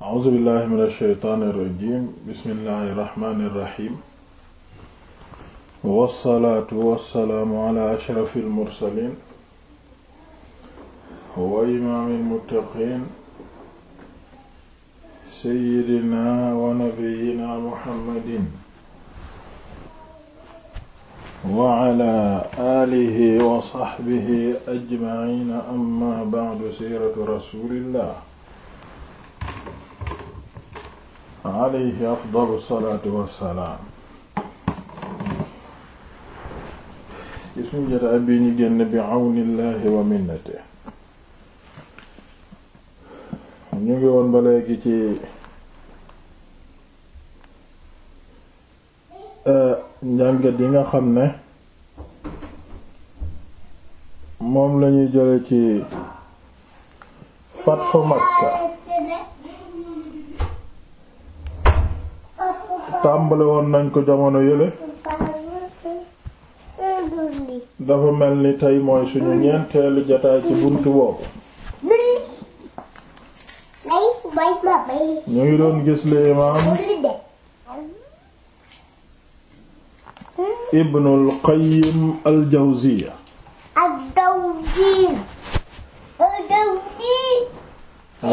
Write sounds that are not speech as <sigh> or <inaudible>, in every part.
a'uuzu billahi min ash-shaytaani irrajim bismillahi irrahmani irrahim wassalaatu wassalaamu ala ashrafi almursalin wa imaami almuttaqiin sayyidina wa nabiyyina muhammadin wa ala aalihi wa sahbihi ajmaciina amma ba'du siiratu rasuulillah alayhi afdalu salaatu wassalaam ci suñu bi ñu génn bi àwnillaahi wa minnate ñu ngi woon ba léegi ci eh, njàngat yi nga xam ne moom lañuy jële ci fatxu Makka tàmbali woon nañ ko jamono yële dafa mel ni tey mooy suñu ñeenteelu jotaay ci buntu boobu ñu doon gis li imaam Ibnul Qayyim al-Jawziyya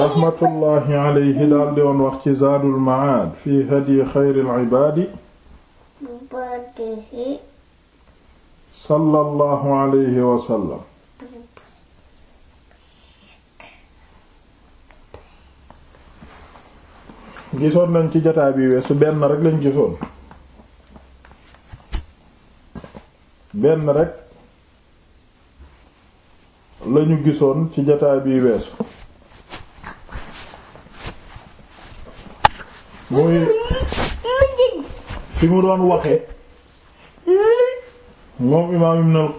raxmatullahi alayhi daal di woon wax ci zaadul maad fi hadi xayril ibaadi sallallahu alayhi wa gisoon nañ ci jotaay bi weesu benn rek lañ gisoon benn rek lañu gisoon ci jotaay bi weesu mooy fi mu doon waxe moom imaam Ibn al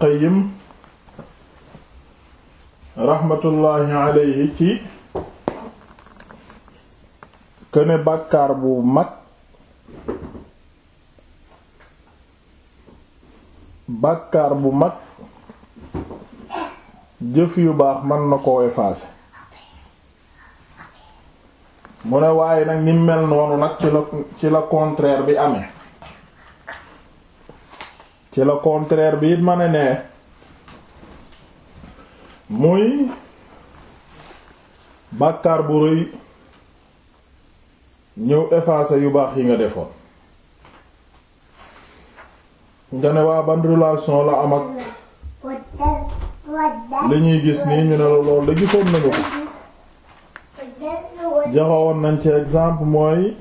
raxmatullaahi alayhi ci këne bàkkaar bu mag jëf yu baax mën na koo effacer mu ne waaye nag ni mel noonu nag ci la ci la contraire bi amee ci la contraire bi it ma ne nee muy bàkkaar bu rëy ñëw effacer yu baax yi nga defoon nga ne waa ban relation la am ak li ñuy gis nii ñu ne la loolu da gisoon nañu ko joxewoon nañ ci exemple mooy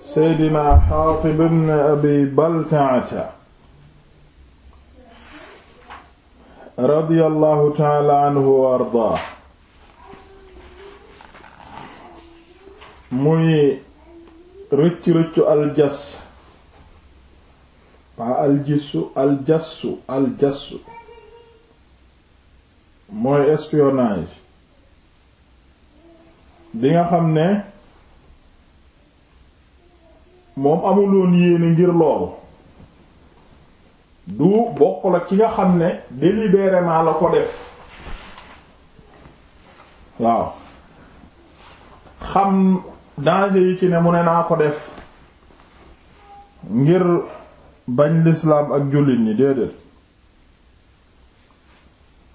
Seydina Xaatib ibn Abi Baltaata radiyallahu taala anhu wa ardaa muy rëcc-rëccu aljas pa mooy espionnage bi nga xam ne moom amuloon yéene ngir loolu du bokk la ki nga xam ne délibérément la ko def waaw xam danger yi ci ne mu ne naa ko def ngir bañ lislaam ak jullit ñi déedéet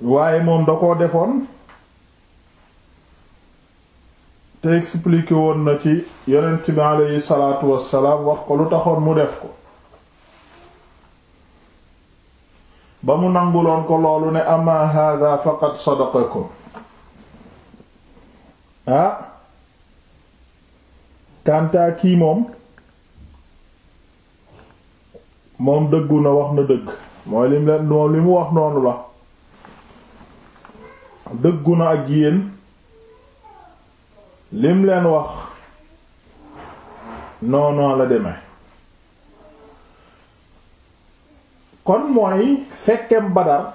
waaye moom da koo defoon te expliqué woon na ci yonent bi aleyhi salaatu wassalaam wax ko lu taxoon mu def ko ba mu nanguloon ko loolu ne ama hada faqad sadaqakum ah kantaa kii moom moom dëggu na wax na dëgg mooy lim leen moom li mu wax noonu la dëggu na ak yéen lim leen wax noonu la deme kon mooy fekkeem Badar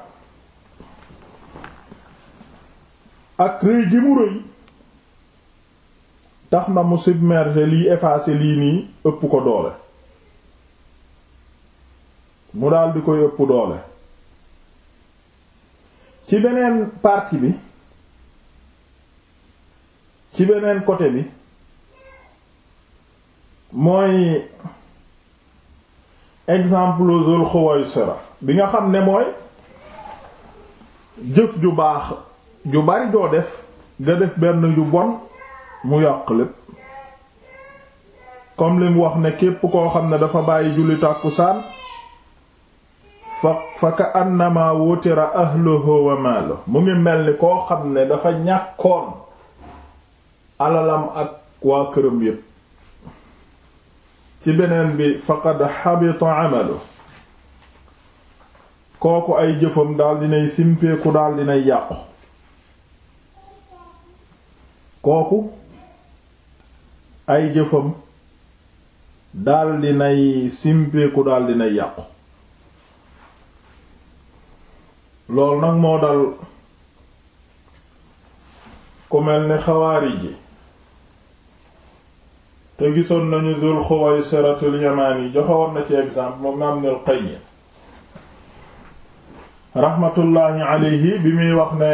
ak rëy gi mu rëy tax na mu submerger lii effacer lii nii ëpp ko doole mu daal di koy ëpp doole ci beneen partie bi ci beneen côté bi mooy exemple Zul Xuwaysira bi nga xam ne mooy jëf ju baax ju bari joo def nga def benn ju bon mu yàq lépp comme li mu wax ne képp koo xam ne dafa bàyyi julli tàkkusaan fa fa ka annama wutira ahluhu wa maalo mu ngi mel ni koo xam ne dafa ñàkkoon alalam ak waa këram yépp ci beneen bi faqad habita amalu kooku ay jëfam daal dinay simpeeku daal dinay yàqu kooku ay jëfam daal dinay simpeeku daal dinay yàqu loolu nag moo dal ku mel ni xawaari ji te gisoon nañu Dul Xuwaysiratul Yamaani joxewoon na ci exemple moom Imaam Ibnul Qayyim rahmatullahi alayhi bi muy wax ne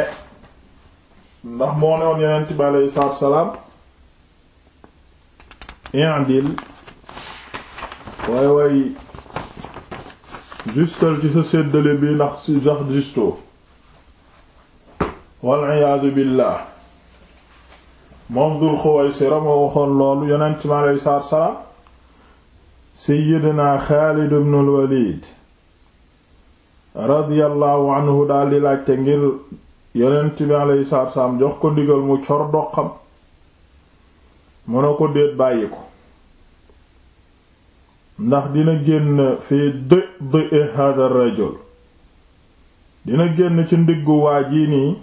ndax moo ne woon Yonent bi alayhi salaatu salaam i'dil waay justal ci sa séddale bi ndax si sax justo wal iyaadu billah moom Dul Xuwaysira moo waxoon loolu yonent mi aleyhi salaatu salaam Seyyidina Xaalid ibnul Waliid radiyallahu anhu daldi laajte ngir yonent bi aleyhi salaatu salaam jox ko ndigal mu cor doqam mu ne ko déet bàyyi ko ndax dina génn fii di di haadha rajul dina génn ci ndiggu waa ji nii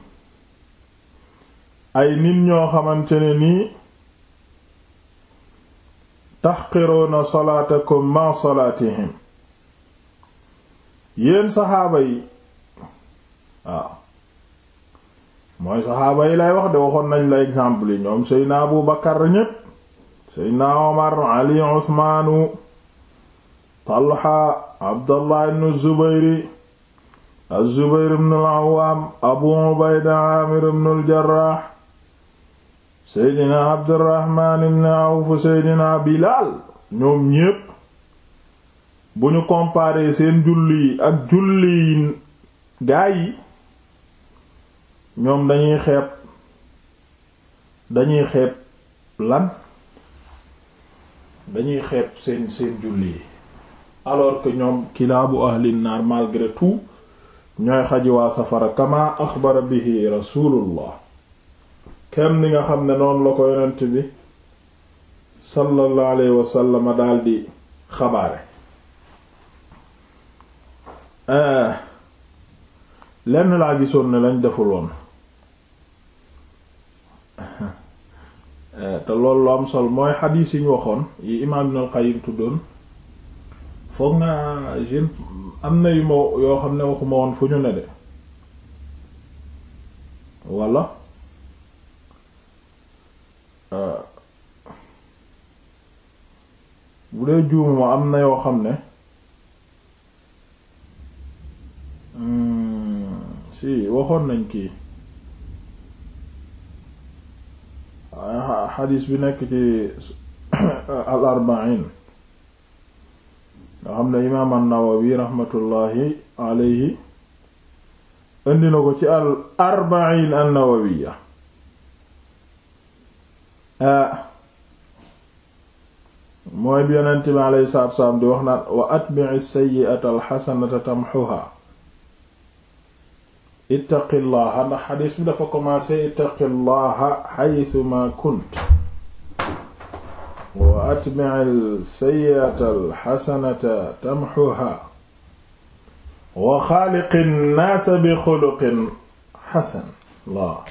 ay nit ñoo xamante ne nii taxqiruuna salaatakum ma salaatihim yéen saxaaba yi mooy saxaaba yi lay wax waxoon nañ la exemple yi ñoom seydna abu bakar ñépp seydna omar ali usmaanu talha abdallah ibnu zubayri az-zubayr awaam abu ubayda aamir ibnu al seydina abdurrahman ibn awf seydina bilaal ñoom ñépp bu ñu comparee seen julli yi ak julli yi gaa yi ñoom dañuy xeeb dañuy xeeb lan dañuy xeeb seen seen julli yi alors que ñoom kilaabu ahlin naar malgré tout ñooy xaji waa safara kama axbara bihi rasulullah kem ni nga xam ne noonu la ko yonent bi sallallahu alayhi wasallama di xabaare eh, lenn laa gisoon ne lañ deful woon eh, te loolu la am sol mooy xadiis yi waxoon yi imaam na al-Qayyim tuddoon foog naa jën am na yu ma yoo xam ne waxuma woon fu ñu ne de walla Ah. bu dee juumuma am na yoo xam ne hmm, si waxoon nañ kii xadiis bi nekk ci <coughs> al arba'in nga xam ne imaam an-Nawawi raxmatullaahi alayhi indi na ko ci al arba'in an-Nawawiyya Ah. mooy bi yonent bi alayhi salaatu wa salaam di wax naan wa atbi'i sayyi'ata alxasanata tamxuha ittaqillaha ndax xadiis bi dafa commencé ittaqillaha xaytuma kunt wa atbi'i sayyi'ata alxasanata tamxuha wa xaaliqi nnaasa bi xuluqin xasan Allah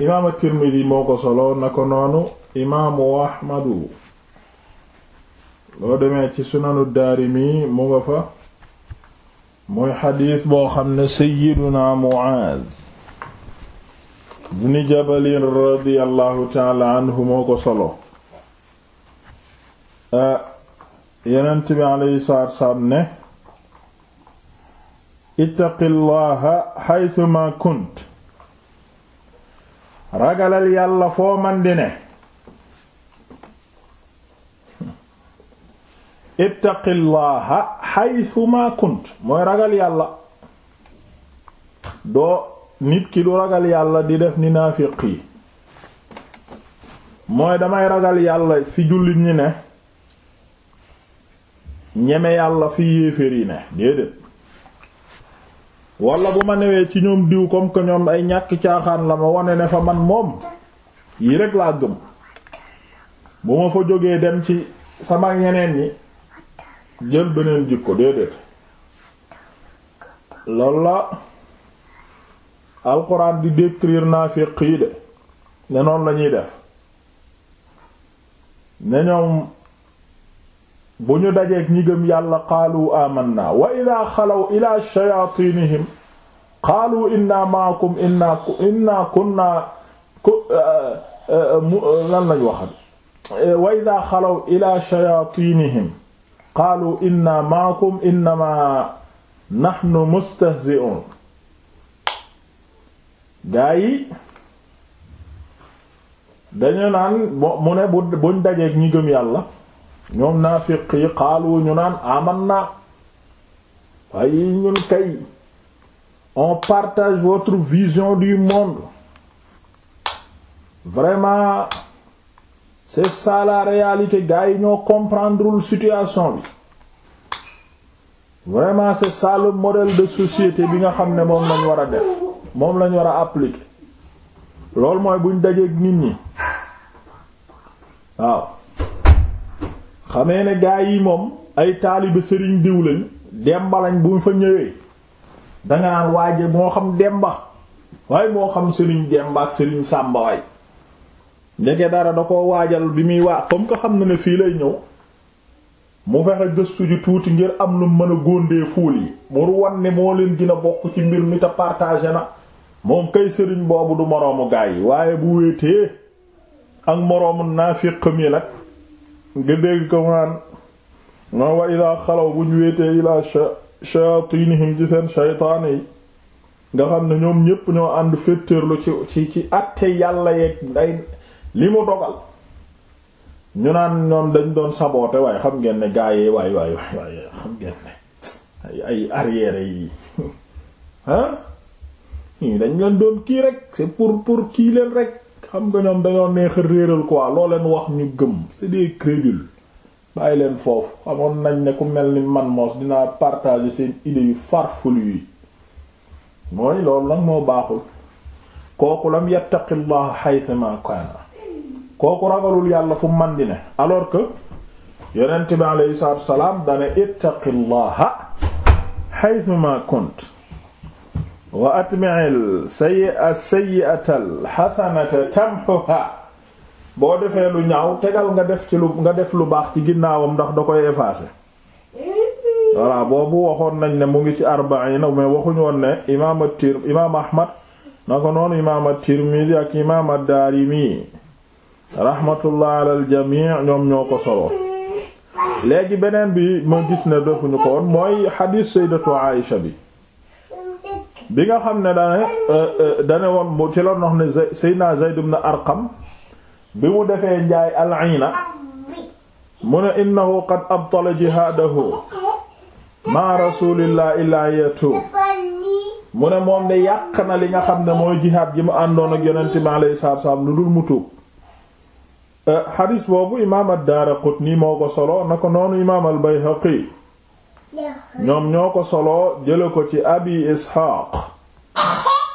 imaam at-Tirmidi moo ko na ko noonu imaamu Ahmadu loo demee ci sunanu daarimi mu nga fa mooy xadiis boo xam ne sayyiduna Muaaz ibn Jabal radiyallahu taala anhu moo ko solo yonent bi alayhi salaatu wassalaam ne ittaqillaha haythuma kunt ragalal yàlla foo man di ne ittaqillaha haythuma kunt mooy ragal yàlla doo nit ki du ragal yàlla di def ni yi mooy damay ragal yàlla fi jullit ñi ne ñeme yàlla fi yéeféer yi ne déedéet wala bu ma newee ci ñoom diw comme que ñoom ay ñàkk caaxaan la ma wane ne fa man moom yi rek laa gëm bu ma fa jógee dem ci sama ngeneen yi jël beneen jikko déedéet loolu la alxuraan di décrire naafiq yi de ne noonu lañuy def ne ñoom bu ñu dajeek ñi gëm yàlla qaalu amanna wa ida xalaw ila shayatinihim qaalu inna maakum inna inna kunna lan lañ waxat wa ida xalaw ila shayatinihim qaalu inna maakum innama nahnu mustahzi'un gaa yi dañu naan mu ne buñ dajeek ñi gëm yàlla ñoom naafiq yi xaalu ñu naan aman na waaye ñun kay on partage votre vision du monde vraiment c'est ça la réalité gars yi ñoo comprendrewul situation bi vraiment c'est ça le de société bi nga xam ne moom lañu war a def moom lañu war a appliquer loolu mooy buñ dajeeg nit ñi waaw xamee ne gaa yi moom ay taalibe sëriñ diw lañ demba bu mu fa ñëwee danga naan waaje moo xam demba waaye moo xam sëriñ demba ak sëriñ sàmba waay ndeke dara da ko waajal bi muy waa comme que xam ne fii lay ñëw mu fexe gëstu tuuti ngir am lu mën a góondee fuul yi mu wan moo leen gën a bokk ci mbir mi te partagé na moom kay sëriñ boobu du moroomu gaa yi waaye bu wéetee ak moroomu naafiq mi nag nga dégg ko naan non wa ila xalaw bu ñu wéetee ila shayatinihim ci seen shaytaane yi nga xam ne ñoom ñépp ñoo ànd féttërlu ci ci ci àtte yàlla yeeg day li mu dogal ñu naan ñoom dañ doon saboote waaye xam ngeen ne gaayee waay waay waay xam ngeen ne ay ay yi ah <laughs> dañ leen doon kii rek c'est pour pour kii leen rek xam nga ñoom dañoo neex réeral quoi loo leen wax ñu gëm si des crédules bàyyi leen foofu xamoon nañ ne ku mel ni man moos dina partager seen idées yu farfelu yi mooy loolu nag moo baaxul kooku lam yattaqillah haythama kaana kooku ragalul yàlla fu man di alors que yonent bi alayhi salaatu wa salaam dana ittaqillaha haythuma kunt wa atmi'il sayyi'atal hasanata tamhuha boo defee lu ñaaw tegal nga def ci lu nga def lu baax ci ginnaawam ndax da koy effacer voilà boobu waxoon nañ ne mu ngi ci arba'ina mais waxuñu woon ne imaam at-Tir ko noonu imaam at-Tirmidhi ak imaam ad-Daarimi rahmatullah ala al-jamii' ñoom ñoo ko solo léegi beneen bi ma gis ne defuñu ko woon mooy xadiis sayyidatu Aïsha bi bi nga xam ne dane euh, euh, dane woon bu ci la wax ne Seydina Arqam bi mu defee njaay al-ayna mu ne innahu qad abtala jihaadahu ma rasulillah illa yatu mu ne moom de yàq na li nga xam ne mooy jihaad ji mu àndoon ak yonent mi alayhi salaatu lu dul mu tuub euh, xadis boobu imaam ad-Daaraqutni moo ko solo na ko noonu imaam al-Bayhaqi ñoom ñoo ko solo jële ko ci abi isxaaq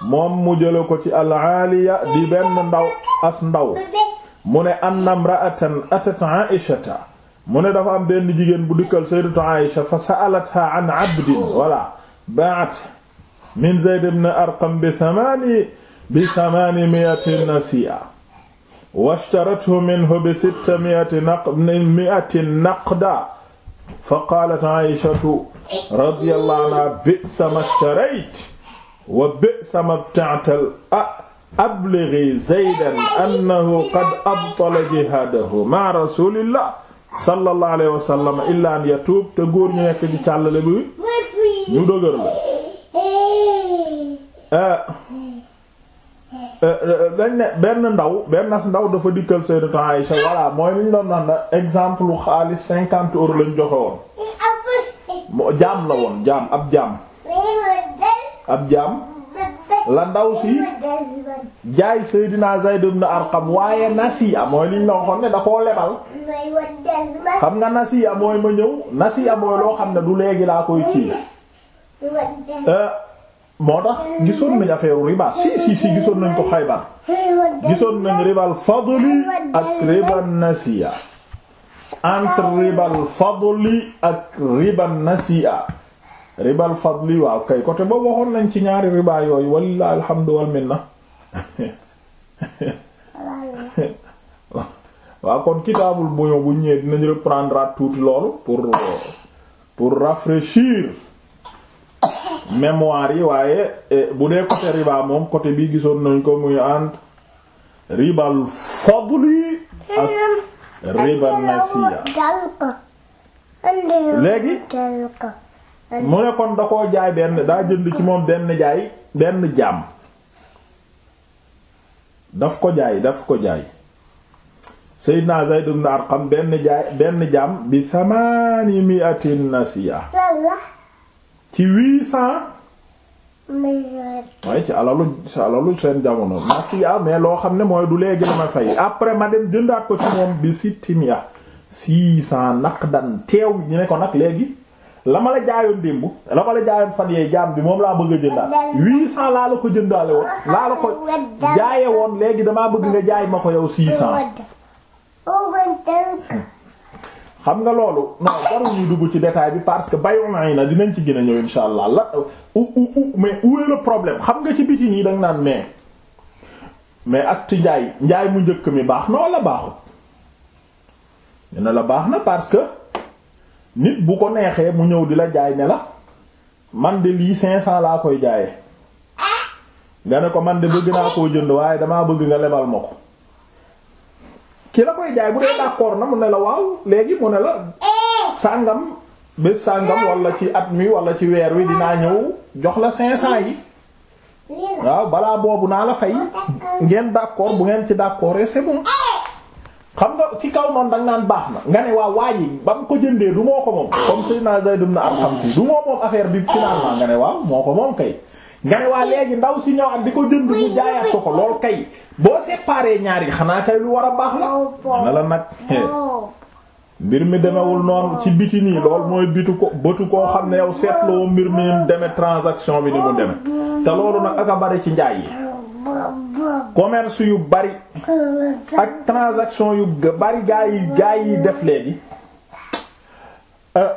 moom mu jële ko ci alaaliya di benn ndaw as ndaw mu anna imra'atan atat aishata mu ne dafa am benn jigéen bu dikkal sayyidatu aisha fa sa'alatha an abdin wala ba'at min zayd ibn arqam bi thamani bi thamani mi'ati nasiya washtarathu bi naqda fa qaalat aishatu radiyallahu anha bi'sa ma ishtarayt wa bi'sa ma ibta'tal ablighi zaydan annahu qad abtala jihaadahu ma'a rasulillah sallallahu alayhi wa sallam illa an yatuub te góor ñu nekk di càllale bi ñu dëgër la eh. dañ euh, euh, ne benn ndaw benn ndaw dafa dikkal Sayyidatu Aïcha voilà mooy li ñu doon naan exemple xaalis cinquante euros lañ joxe woon. moo jaam la woon jaam ab jaam. ab jaam. la ndaw si jaay Seydina Zayd ibn Arqam waaye nasiya mooy liñ la waxoon ne da koo lebal xam nga nasiya mooy ma ñëw nasiya mooy loo xam ne du léegi laa koy ci moo tax gisoon nañ affaire riba si si si gisoon nañ ko Xaybar gisoon nañ ribal fadli ak ribal nasiya entre ribal fadli ak ribal nasiya ribal fadli waaw kay côté boobu waxoon nañ ci ñaari riba yooyu walilahi alhamdu wal minna <laughs> waaw kon kitaabul buñu bu ñëwee dinañ reprendre tuuti loolu pour pour rafraîchir mémoire waaye eh, bu dee côté riba moom côté bi gisoon nañ ko muy entre ribal fadli ak riba nasiya léegi mu ne da koo jaay benn daa jënd ci moom benn jaay benn jaam daf ko jaay daf ko jaay Seydina Zayd ibn Arqam benn jaay benn jaam bi thamani nasiya ci huit cent waaye ci alalu ci alalu seen jamono masiya ah, mais loo xam ne mooy du léegi la ma fay après ma dem jëndaat ko ci moom bi si timia six naq dan teew ñu ne ko nag léegi la ma la jaayoon démb la ma la jaayoon fan yee jaam bi moom laa bëgg a jëndaat huit cent laa la ko jëndaale woon laa la ko jaaye woon léegi damaa bëgg nga jaay ma ko yow six cent xam nga loolu non warul ñu dugg ci détail bi parce que bayul ay na dinañ ci gën a ñëw insha allah la ou ou mais où est problème xam nga ci biti nii da naan mais mais at ci njaay njaay mu njëkk mi baax na wala baaxut ñu ne la baax na parce que nit bu ko neexee mu ñëw di la jaay ne la man de lii 500 laa koy jaaye nga ne ko man de bëgg naa koo jënd waaye damaa bëgg nga lebal ma ko. kii la koy jaay bu dee d'accord na mu ne la waaw léegi mu ne la eh. sàngam bés sàngam eh. walla ci at mi wala ci weer wi dinaa ñëw jox la cinq cents yi waaw balaa boobu naa la fay ngeen d'accord bu ngeen ci d'accord et eh. xam nga ci kaw noonu dañ naan baax na nga ne waa waa ji ba mu ko jëndee du moo ko moom comme Seydina na ibn Arqam fii du moo moom affaire bi finalement nga ne waaw moo ko moom kay nga ne waa léegi ndaw si ñëw ak di ko jënd mu jaayaat ko ko lool kay boo séparé ñaari xanaa kay lu war a baax la. na la nag mbir mi demewul noonu ci biti nii lool mooy bitu ko bëtu koo xam ne yow seetloo mbir mi deme transaction bi ni mu deme te loolu nag aka bari ci njaay yi. commerce yu bari ak transaction yu bari gaa yi gaa yi def léegi. Euh,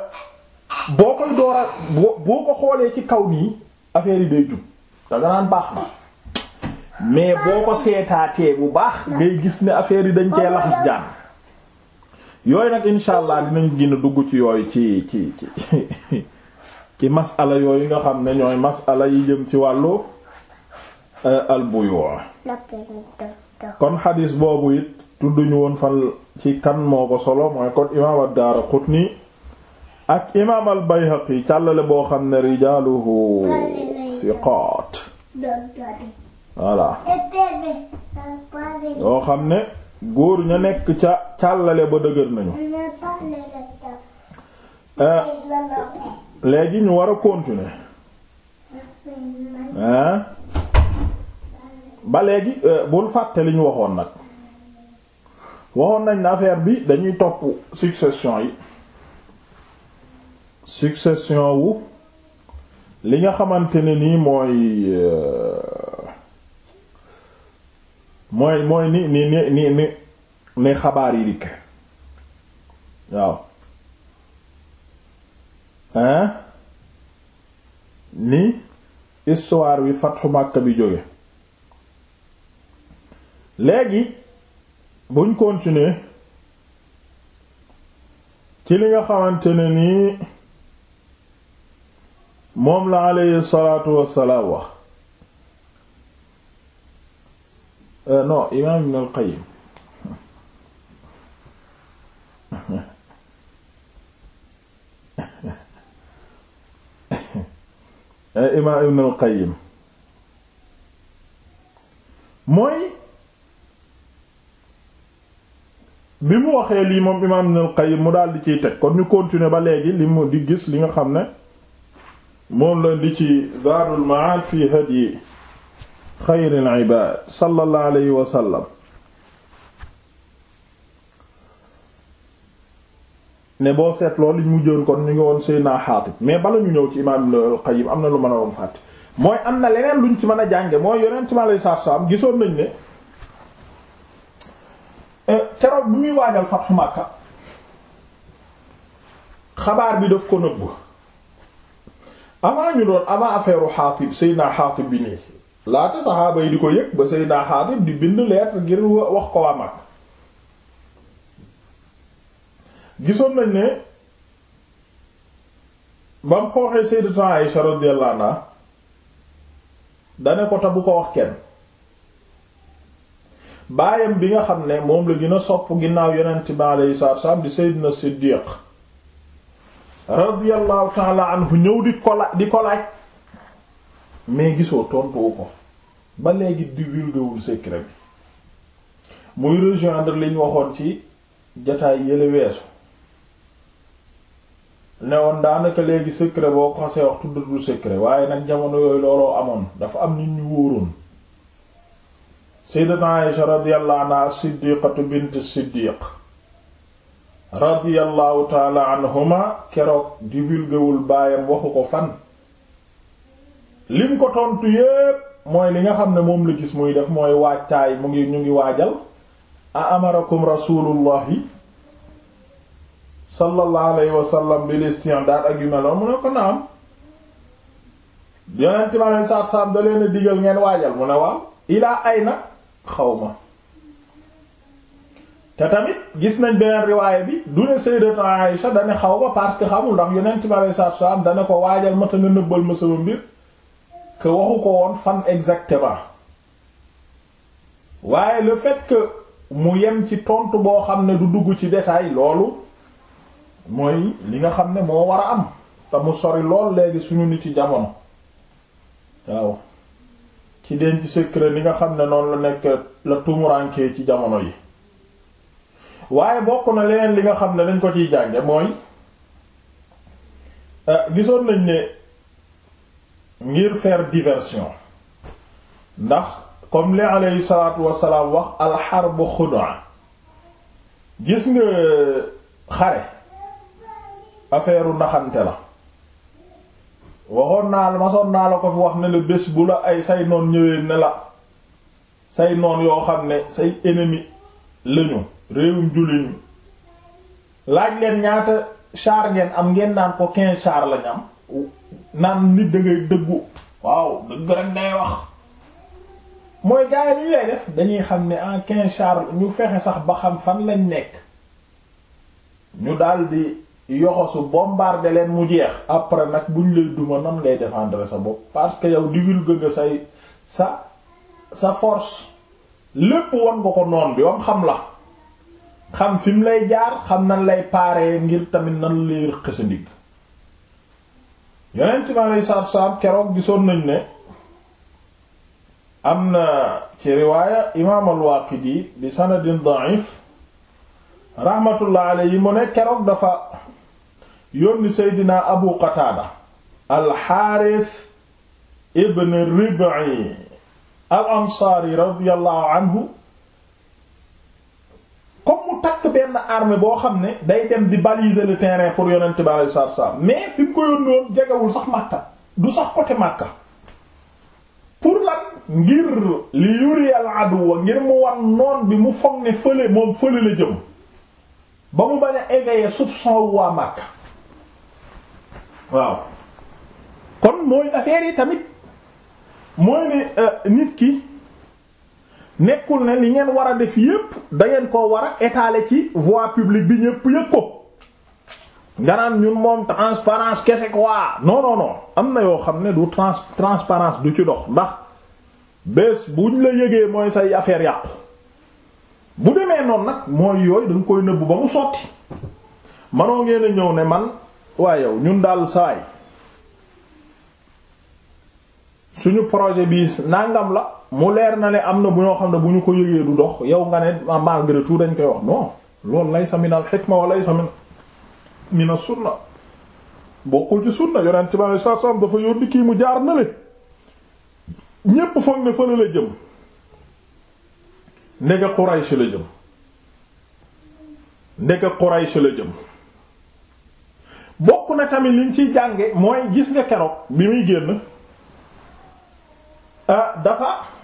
boo koy door a boo ko xoolee ci kaw nii. affaire yi day jub da naan baax na mais boo ko seetaatee bu baax ngay gis ne affaire yi dañ cee laxas jaan yooyu nag insha allah dinañ gën a dugg ci yooyu ci ci ci <laughs> ci masala yooyu nga xam ne ñooy masala yi jëm ci wàllu euh, albuyu kon xadiis boobu it tudduñu woon fan ci kan moo ko solo mooy kon imaam ad-Daaraqutni ak imaam al Bayhaqi càllale boo xam ne rijaaluhu siqaat voilà yoo xam ne góor ña nekk ca càllale ba dëgër nañu eh, léegi ñu war a continuer eh? ba léegi eh, bul fàtte li ñu waxoon nag waxoon nañ ne affaire bi dañuy topp succession yi succession wu li nga xamante ne nii mooy euh, mooy mooy ni ni ni ni ni xabaar yi dikk waaw hein ni histoire bi fatxu Makka bi jóge léegi buñ continuer ci li nga xamante ne nii moom la aleyhi salaatu wassalaam wax euh, non imaam ibn al qayyim <laughs> eh, mooy bi mu waxee lii moom imaam ibn al qayyim mu daal di ciy teg kon ñu continuer ba léegi li mu di gis li nga xam ne moom la di ci zaadul ma'aad fi hadyi xayril ibaad sallallahu alayhi wa sallam ne boo seetloo liñ mujjoon kon ñu ngi woon Seydina Xaatib mais bala ñu ñëw ci imaam Ibnul Qayyim am na lu mën a woon fàtte mooy am na leneen luñ ci mën a jànge mooy yeneen ci mi alayhi salaatu saam gisoon nañ ne eh, keroog bi muy waajal Fathu Makka xabaar bi daf ko nëbb avant ñu doon avant affaire xaatib Seydina xaatib bi nii laata saxaaba yi di ko yëg ba Seydina xaatib di bind lettre ngir wax ko waa gisoon nañ ne ba mu ko waxee Sayyidatu Aisha radiyallahu anha dane ko ta ko wax kenn baayam bi nga xam ne moom la gën a sopp ginnaaw yeneen bi alayhi yi wa salaam di Seydina Siddiq radiyallahu an anhu ñëw di ko la di ko mais gisoo tontuwu ko ba léegi divulgué wul secret bi muy rejoindre li waxoon ci jataay yële weesu ne woon daanaka léegi secret boo ko xasee wax tuddatul secret waaye nag jamono yooyu looloo amoon dafa am nit ñu wóoroon sayyidatuna Aisha radiyallahu anha siddiqatu bint siddiq radiyallahu taala anhuma keroog divulguewul baayam waxu ko fan lim ko tontu yépp mooy li nga xam ne moom la gis muy def mooy waajtaay mu ngi ñu ngi waajal a amarakum rasulullahi sallallahu alayhi wasallam bil isti'dad ak yu mel noonu mu ne ko na am yonent leen saab saab da leen digal ngeen waajal mu ne waaw ilaa ay na xaw ma te tamit gis nañ beneen riwaaya bi du ne sayyidat Aisha dane xaw ma parce que xamul ndax yonent bi alayhi salaatu wa salaam ko waajal ma te nga nëbbal ma sama mbir que waxu ko woon fan exactement waaye le fait que mu yem ci tontu boo xam ne du dugg ci détail loolu mooy li nga xam ne moo war a am te mu sori lool léegi suñu nit ci jamono waaw ci denc secret li nga xam ne noonu la nekk la tumurankee ci jamono yi waaye bokk na leneen li nga xam ne dañ ko ciy jànge mooy euh, gisoon nañ ne ngir faire diversion ndax comme li alayhi salaatu wassalaam wax alxarbu xud'a gis nga euh, xare affaire naxante la waxoon naa la masoon naa la ko fi wax ne la bés bu la ay say noon ñëwee ne la say noon yoo xam ne say ennemi lañu réewum jullit laaj leen ñaata char ngeen am ngeen naan ko quinze char lañ am naan nit da dëggu waaw dëgg rek day wax mooy gaay yi ñu def dañuy xam ne en ah, quinze char ñu fexe sax ba xam fan lañ nekk ñu daldi yoxosu bombarder leen mu jeex après nag buñ lay duma nam lay défendre sa bopp parce que yow divulguer gëgg say sa sa force lépp wan nga ko noon bi wam xam la xam fi mu lay jaar xam nan lay paaree ngir tamit nan lay rëq ndigg yonent am na ci riwaaya imaam al-Waaqidi bi sanadin da'if rahmatullah alayhi mu ne keroog dafa yónni seydina abu qataada alxaaris ibn rib'i al ansaari radiyallahu anhu mu takk benn armée boo xam ne day dem di baliser le terrain pour yonent bi alei satu salaam mais fi ko yónni woon jegewul sax Makka du sax côté Makka pour lan ngir li yuriyal aduwa ngir mu wan noon bi mu foog ne fële moom fële la jëm ba mu bañ a éveiller soupçon waa Makka waaw kon mooy affaire yi tamit mooy ne euh, nit ki nekkul ne li ngeen war a def yépp da ngeen koo war a étaler ci voie publique bi ñépp yëg ko nga naan ñun moom transparence kese quoi non non am na yoo xam ne du trans transparence du ci dox ndax bés buñ la yëgee mooy say affaire yàqu bu demee noonu nag mooy yooyu da koy nëbbu ba mu sotti manoo ngeen ñëw ne man waa yow ñun daal saay suñu projet bi nangam la mu leer na ne am na bu ñoo xam ne bu ñu ko yëgee du dox yow nga ne ah, malgré tout dañ koy wax non loolu laysa min al xikma wa laysa min min as sunna bokkul ci sunna yonent bi sallallahu alayhi wasallam dafa yónni kii mu jaar na le ñépp foog ne fële la jëm ndeke Quraysh la la jëm bokk na tamit liñ ci jànge mooy gis nga keroog bi muy génn ah, dafa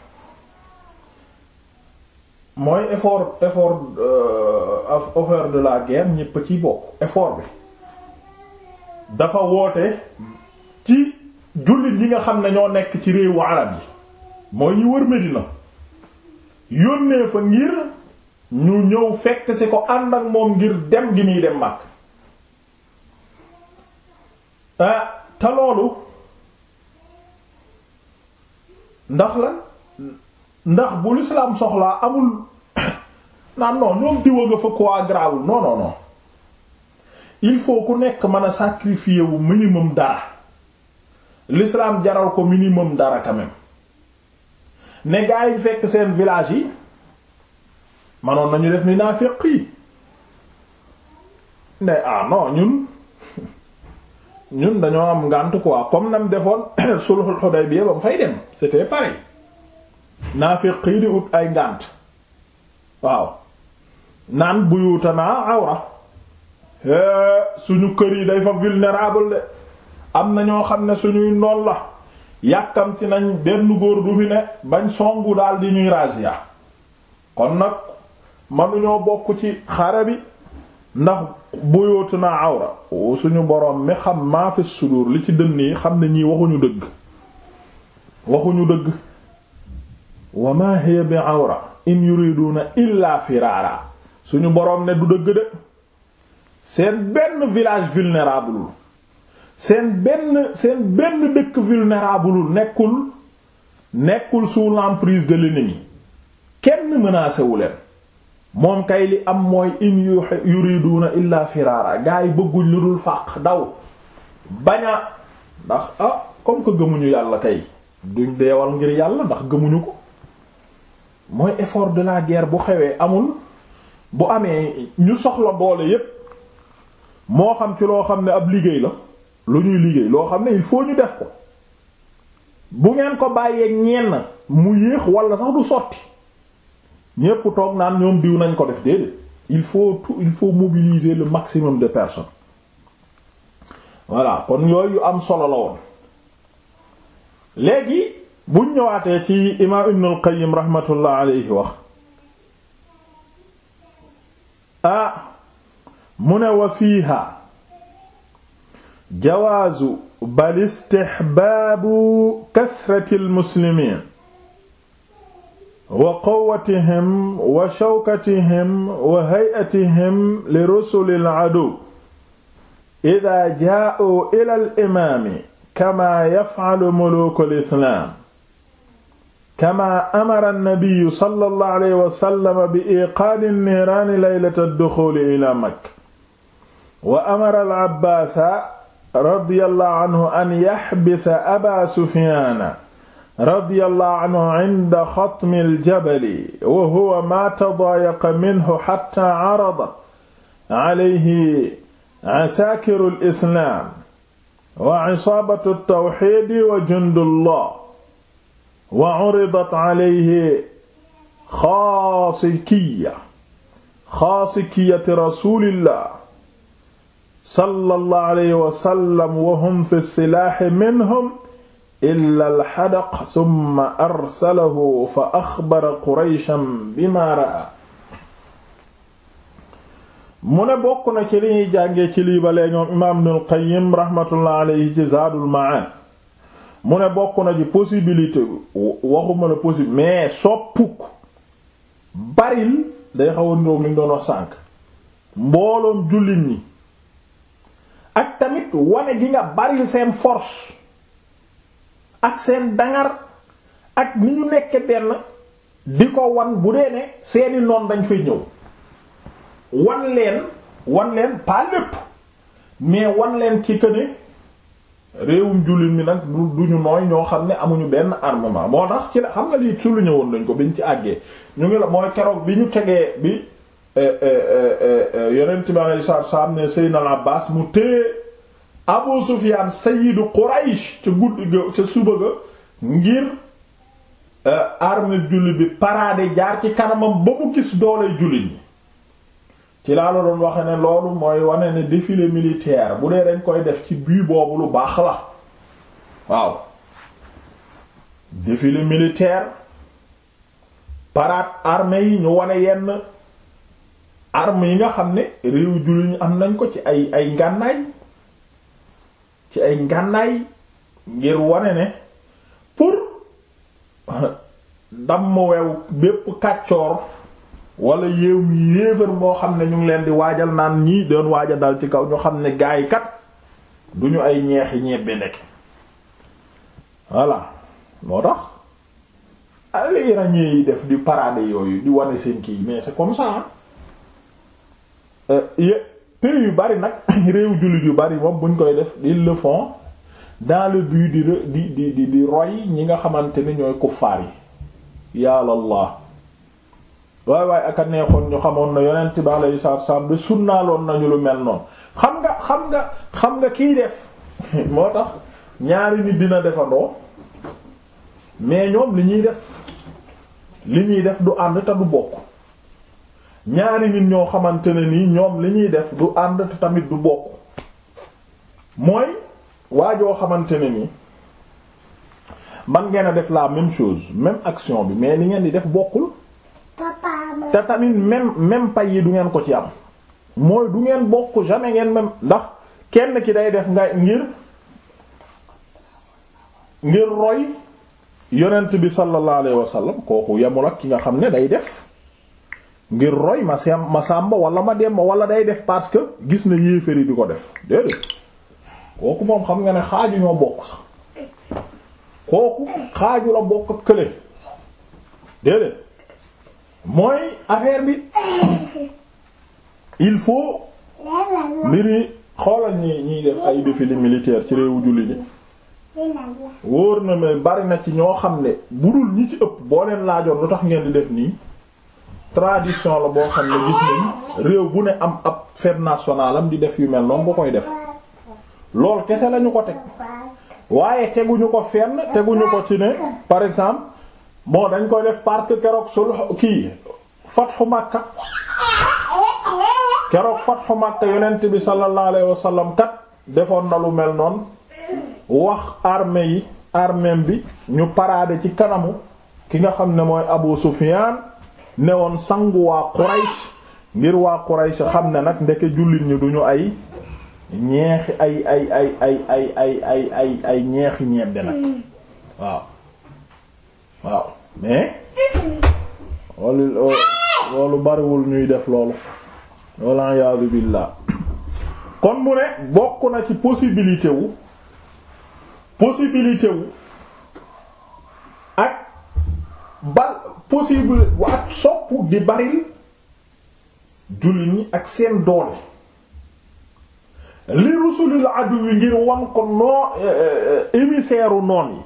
mooy effort effort euh, offert de la guerre ñépp ci bokk effort bi dafa woote ci jullit yi nga xam ne ñoo nekk ci réewu arab yi mooy ñu wër Medina yónnee fa ngir ñu ñëw fekk ci ko ànd ak moom ngir dem gi muy dem Makka ah, te loolu ndax la ndax bu lislaam soxlaa amul <coughs> naan non ñoom diwa nga fa quoi grawul non non non il faut ku nekk mën a sacrifier wu minimum dara l'islam jaraw ko minimum dara tamit même ne gaa yi fekk seen village yi manoon nañu def ni naa féq yi ne ah non ñun ñun dañoo am ngànt quoi comme nam defoon <coughs> sulhul Hudaybiya ba mu fay dem c'était pareil naafiq yi di ut ay ngànt waaw naan buyuutanaa awra suñu kër yi day fa vulnérable de am na ñoo xam ne suñuy noon la yàkkamti nañ benn góor du fi ne bañ songu daal di ñuy razia kon nag manuñoo bokk ci xare bi ndax buyuutanaa awra suñu borom mi xam maa fi sudur li ci dënn yi xam ne ñii waxuñu dëgg waxuñu dëgg wa ma hiya bi awra in yuriduna illa firaara suñu boroom ne du dëgg de seen benn village vulnérable seen benn seen benn dëkk vulnérable nekkul nekkul sous l'emprise de l'ennemi kenn menacé wu moom kay li am mooy in yuriduna illa firaara gaa yi bëgguñ lu dul fàq daw baña ndax ah comme que gëmuñu yàlla kay duñ deewal ngir yàlla ndax gëmuñu ko mooy effort de la guerre bu xewee amul bu amee ñu soxla doole yépp moo xam ci loo xam ne ab liggéey la lu ñuy liggéey loo xam ne il faut ñu def ko bu ngeen ko bàyyee na mu yéex wala sax du sotti ñépp toog naan ñoom diw nañ ko def déedéet il faut tout il faut mobiliser le maximum de person voilà kon yooyu yu am solo la woon léegi buñ ñëwaatee ci imaam Ibn al-Qayyim rahmatullah alayhi wax ah mu ne wa fiiha jawaazu bal istixbaabu kasrati almuslimiin wa quwwatihim wa shawkatihim wa hay'atihim li rusuli al-aduw idaa jaa'uu ila al-imaami kamaa yaf'alu muluuku al-islaam kama amara nabiyu sallallahu alayhi wa sallam bi iqaadi niiraani laylata duxuuli ila makka wa amara al-abbaasa radiyallahu anhu an yaxbisa abaa sufyaana radiyallahu anhu inda xatmi al-jabali wa huwa maa tadaayaqa minhu xattaa caradat alayhi asaakiru al-islaam wa cisaabatu at-tawxiid wa jundullah wa uridat alayhi xaasikiya xaasikiyati rasulillah sallallahu alayhi wa sallam wa hum fi silaahi minhum illa alxadaq summa arsalahu fa axbara qurayshan bima raa mu ne bokk na ci li ñuy jàngee ci lii ba lee ñoom imaam ibnul qayyim raxmatullahi alayhi ci zaadul ma'aad mu ne bokk na ci waxu waxuma la possible mais soppuk baril day xaw a ndoom li ñu doon wax sànq mbooloom jullit ñi ak tamit wane gi nga baril seen force ak seen dangar ak ni ñu nekk benn di ko wan bu dee ne seeni noon dañ fay ñëw wan wanleen wan lépp mais wan leen ci que réewum jullit mi nag du ñu nooy ñoo xam ne amuñu benn armement moo tax ci la xam nga lii souligné woon nañ ko biñ ci àggee ñu ngi la mooy keroog bi ñu tegee bi eh, eh, eh, yonent bi alayhi salaatu salaam ne Seydina Abbas mu téye Abu Sufyaan sayyidu Quraysh ca guddi ga ca suba ga ngir armée jullit bi parade jaar ci kanamam ba mu gis doole jullit ñi ci laa la doon waxe ne loolu mooy wane ne défilé militaire bu dee dañ koy def ci bii boobu lu baax la waaw défilé militaire parade armée yi ñu wane yenn armes yi nga xam ne réew jullit ñu am nañ ko ci ay ay ngànnaay ci ay ngànnaay ngir wane ne pour <laughs> damm wew bépp kàccoor wala yéew yéefar moo xam ne ñu ngi leen di waajal naan ñii doon waaja dal ci kaw ñu xam ne gaay kat du ñu ay ñeexi ñebbe ndekk voilà moo tax ay iranien yi def di parade yooyu di wane seen kii mais c'est comme ça euh, pays yu bari nag <coughs> réew jullit yu bari moom buñ koy def ils le font dans di di di di roy ñi nga xamante ni ñooy kuffaar yi yàlla waay waay aka neexoon ñu xamoon na yonent bi alayhi salaatu salaam bi sunnaaloon nañu lu mel noonu xam nga xam nga xam nga kiy def <laughs> moo tax ñaari nit dina defandoo mais ñoom li ñuy def li ñuy def du ànd bokk ñaari nit ñoo xamante ne nii ñoom li def du ànd tamit du bokk mooy waajoo xamante ne nii man ngeen a def laa même chose même action bi mais li ngeen di def bokkul te tamit même même pay yi du ngeen ko ci am mooy du ngeen bokk jamais ngeen même ndax kenn ki day def nga ngir ngir roy yonent bi sallallahu alayhi wa kooku yemul ak ki nga xam ne day def ngir roy ma sem ma sàmba wala ma dem wala day def parce que gis na yéeféri di ko def déedéet kooku moom xam nga ne xaaju ñoo bokk sax kooku xaaju la bokk ak kële déedéet mooy affaire bi il faut mbiri xoolal ñi ñiy def ay défilé militaire ci réewu julli ni wóor na ma bari na ci ñoo xam ne budul ñi ci ëpp boo leen laajoon lu tax ngeen di def nii tradition la boo xam ne gis nañ réew bu ne am ab fête nationale am di def yu mel noonu bu koy def lool kese lañu ko teg waaye teguñu ko fenn teguñu ko ci ne par exemple bon dañ koy def parce que keroog sulh kii fatxu Makka keroog fatxu Makka yonent bi sallallahu alayhi wa sallam kat defoon na lu mel noonu wax armée yi armée bi ñu parade ci kanamu ki nga xam ne mooy Abu Sufyan ne woon sangu waa Quraysh ngir waa Quraysh xam ne nag ndeke jullit ñi duñu ay ñeexi ay ay ay ay ay ñeexi ñebbe nag waaw waaw mais wala loolu bariwul ñuy def loolu walla iyaadu billaah kon mu ne bokk na ci possibilité wu possibilité wu ak bal possible ak sopp di baril julli ñi ak seen doole li rusulil adu wi ngir wan ko noo eh, eh, eh, émissaire noon yi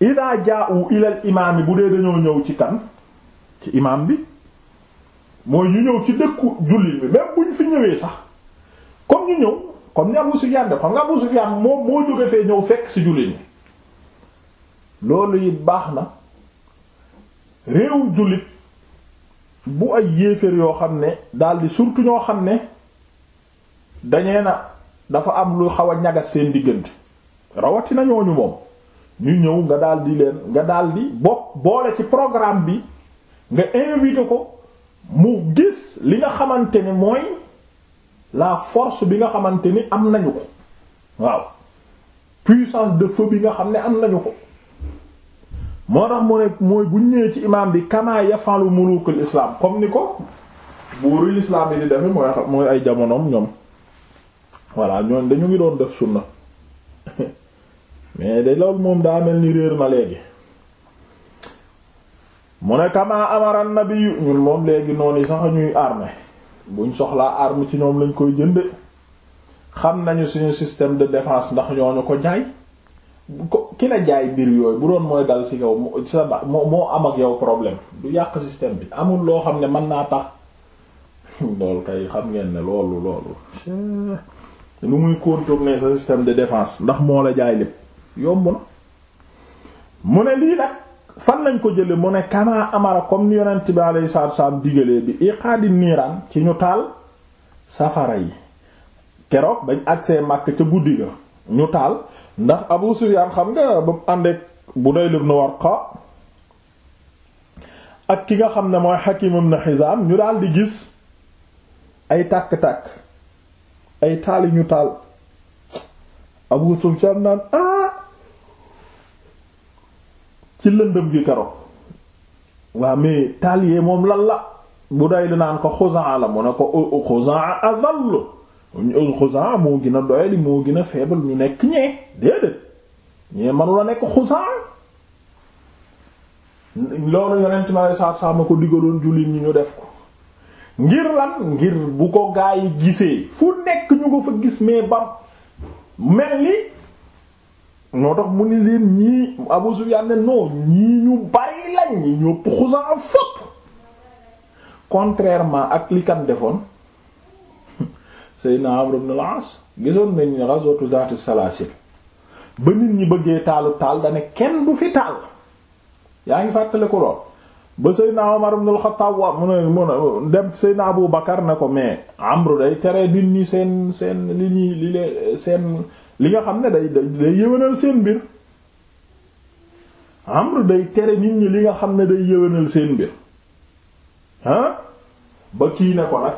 ida jaa'u ilal imaam bu dee dañoo ñëw ci kan ci imaam bi mooy ñu ñëw ci dëkku jullit bi même buñ fi ñëwee sax comme ñu ñëw comme ni Abu Sufyaan def xam nga Abu Sufyaan moom moo jóge fee ñëw fekk ci jullit ñi loolu yi baax na réewum jullit bu ay yéeféer yoo xam ne daldi surto ñoo xam ne dañee na dafa am lu xaw a ñagas seen diggante rawatina ñu moom ñu ñëw nga daal di leen nga daal di bokk boole ci programme bi nga invité ko mu gis li nga xamante ni mooy la force bi nga xamante ni am nañu ko waaw puissance de feu bi nga xam ne am nañu ko moo tax mu ne mooy bu ñëwee ci imaam bi kama yafalu mulukul islam comme ni ko buuru l'islam yi di defe mooy ay jamonoom ñoom voilà ñoo dañu ngi doon def sunna mais de loolu moom daa mel ni réer na léegi mu ne kamaa na bi ñun moom léegi noonu sax ñuy armé buñ soxlaa arme ci ñoom lañ koy jënd xam nañu suñu système de défense ndax ñooñu ko jaay ko ki la jaay mbir yooyu bu doon mooy dal si kaw sa moo am ak yow problème du yàq système bi amul loo xam ne mën naa tax <laughs> loolu kay xam ngeen ne loolu loolu lu muy contourner sa système de défense ndax moo la jaay lépp yomb na mu ne lii nag fan lañ ko jële mu ne kama amara comme ni yonent ci ñu taal safara yi keroog bañ agsee Makka ca guddi ga ñu taal ndax Abu Sufyaan xam nga ba mu àndeek Budayl ibn Warqa ak ki nga xam ne mooy Hakim ibn Hizam ñu dal di gis ay tàkk-tàkk ay taal yi ñu taal Abu Sufyaan naan ah, ci lëndëm gi keroog waa mais taaliye moom lan la bu day di naan ko Xuzaa la mu ne ko Xuzaa oh, oh, azallu Xuzaa oh, moo gën a doyadi moo gën a ñu nekk ñee déedéet ñee manu la nekk Xuzaa loolu yonent ma lay saar saar ma ko digaloon jullit ñi ñu def ko ngir lan ngir bu ko gaa yi gisee fu nekk ñu ko fa gis mais bam mel ni moo tax mu ni leen ñii Abu Sufyaan ne non ñii ñu bari lañ ñi ñëpp Xusaa fopp contrairement ak li kan defoon <laughs> Seydina Amr ibn al-As gisoon ba nit ñi bëggee taalu taal dane kenn du fi taal yaa ngi fàttale ko lool ba Seydina Omar ibn al-Khattab wa mu ne mu ne dem Seydina Abu Bakar ne ko mais Amr day tere nit ñi seen seen li ñuy li leen seen li nga xam ne day day yëwénal seen mbir amr day tere nit ñi li nga xam ne day yëwénal seen mbir ah ba kii ne ko nag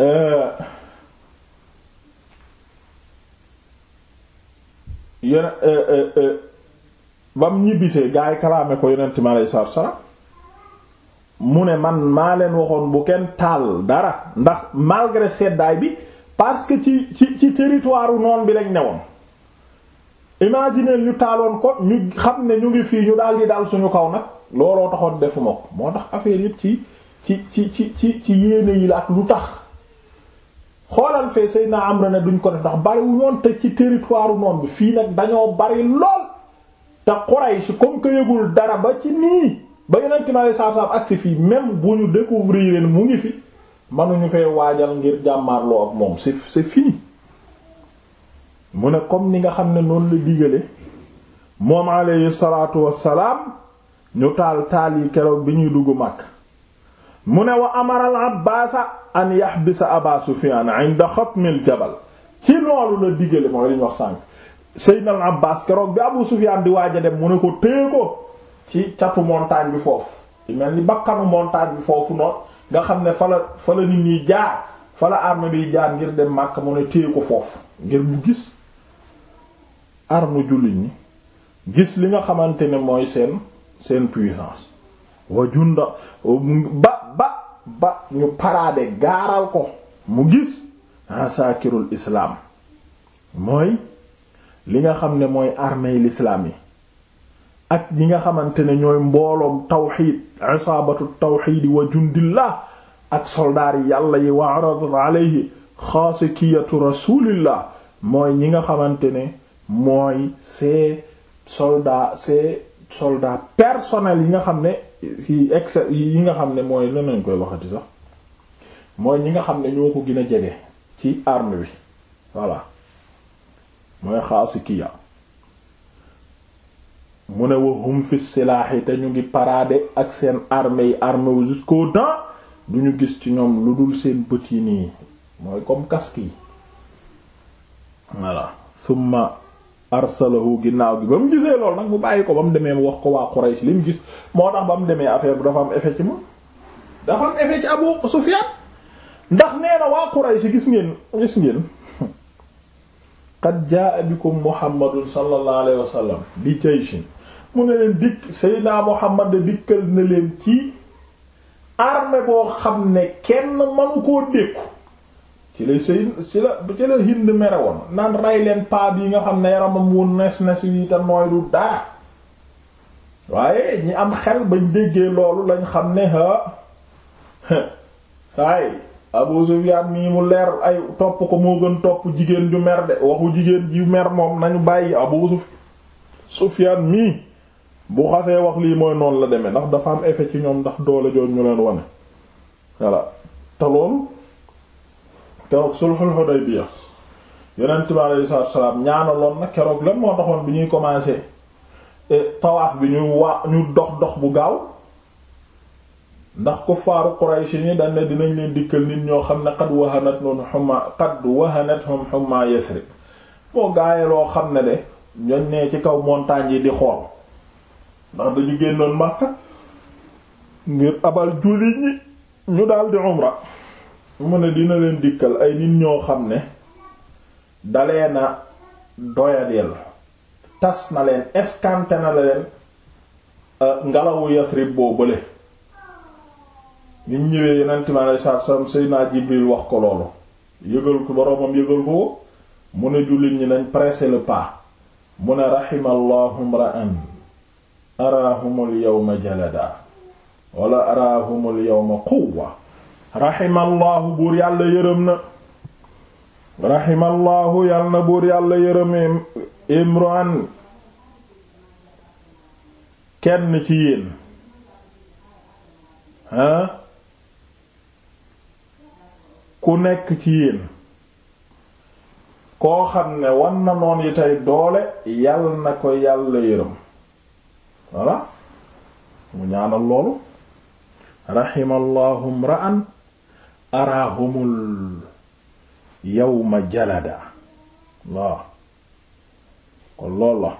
euh, yone euh, euh, bam ñibbisee gaa yi kalaame ko yonent mi alayhi mu ne man maa leen waxoon bu kenn taal dara ndax malgré seddaay bi parce que ci ci ci territoire noon bi lañ newoon imaginer ñu taaloon ko ñu xam ne ñu ngi fii ñu daal di daal suñu kaw nag looloo taxoon defuma ko moo tax affaire yëpp ci ci ci ci ci ci yéene yi la ak lu tax xoolal fee Seydina Amr ne duñ ko def ndax bariwu te ci territoire noon bi fii nag dañoo bari lool te Quraysh comme que yëgul dara ba ci nii ba yonent mi sallallahu alayhi wasallam agsi yi même bu ñu découvrir mu ngi fi manuñu fee waajal ngir jàmmaarloo ak moom c'est c'est fini mu ne comme ni nga xam ne noonu la digale moom alayhi salaatu wassalaam ñu taal taal yi keroog bi ñuy dugg Makka mu ne wa amaral abbaasa an yaxbisa aba sufiyaan wax sànk seydna al abbaas keroog bi abu sufiyaan di waaja dem mu ne ko téye ko ci catu montagne bi foofu mel ni bakkanu montagne bi foofu noonu nga xam ne fa la fa la nit ñi jaar fa la arme bi jaar ngir dem Makka mu ne téye ko foofu ngir mu gis arme jullit ñi gis li nga xamante ne mooy seen seen puissance wa junda ba ba ba ñu paraade gaaral ko mu gis asaakirul islaam mooy li nga xam ne mooy armée l'islam yi ak yi nga xamante ne ñooy mbooloom tawxid isaabatu tawxid wa jundillah ak soldaar yi yàlla yi wa aradat alayhi xaasikiyatu rasulillah mooy ñi nga xamante ne mooy ces soldats ces soldats personnels yi nga xam ne ci ex yi nga xam ne mooy lan lañ koy waxati sax mooy ñi nga xam ne ñoo ko gën jege ci arme bi voilà mooy xaasikiya mu ne wahum fi yi te ñu ngi parade ak seen armée yi armée wu jusqu'au du ñu gis ci ñoom lu dul seen bët yi nii mooy comme casque yi voilà summa arsalahu ginnaaw gi ba mu gisee lool nag mu bàyyi ko ba mu demee mu wax ko waa Quraysh li mu gis moo tax ba mu demee affaire bi dafa am effet ci moom dafa am effet ci Abu Sufyan ndax nee na waa Quraysh gis ngeen gis ngeen qad jaa bikum Muhammadun sallallahu alayhi wa sallam bi jayshin mu ne leen dikk Seydina Muhammad dikkal na leen ci armée boo xam ne kenn manu koo dékku ci la Seydina ci la ci la Hind mere woon naan rey leen paa yi nga xam ne yaram yaramam woon nes nes yi te nooy du daa waaye ñi am xel bañ déggee loolu lañ xam ne ha saay Abu Sufyaan nii mu leer ay topp ko moo gën topp jigéen ju mer de waxu jigéen ju mer moom nañu bàyyi Abu Sufyaan mii bu xasee wax lii mooy noonu la demee ndax dafa am effet ci ñoom ndax doole joon ñu leen wane voilà te loolu keroog sulhul Hudaybiya yonent bi alayhi salaam ñaanaloon na keroog lan moo taxoon bi ñuy commencer tawaaf bi ñu waa ñu dox dox bu gaaw ndax ko kuffaaru Quraysh ni dañ ne dinañ leen dikkal nit ñoo xam ne qad wahanathum humma qad wahanathum humma Yathrib boo gaayee loo xam ne de ñoñ ne ci kaw montagne yi di xool ndax dañu génnoon Makka ngir abal jullit ñi ñu daldi umra mu ne dina leen dikkal ay nit ñoo xam ne dalee na doyadeel tas na leen escanté na leen euh, ngelawu Yasrib boo bële ni mu ñëwee yonent mi alayhi salaatu salaam Seydina Jibril wax ko loolu yëgal ko boroomam yëgal ko mu ne jullit ñi nañ pressé le pas mu ne rahimallahu imra'an araahumul yawma jalada wala araahumul yawma quwwa raximallahu buur yàlla yërëm na raximallahu yàlla buur yàlla yërëm imran kenn ci yéen ah ku nekk ci yéen koo xam ne wan na yi tey doole yàlla ko yàlla yërëm voilà mu ñaanal loolu rahimallahu mra'an arahumul yawma jalada waaw kon loolu la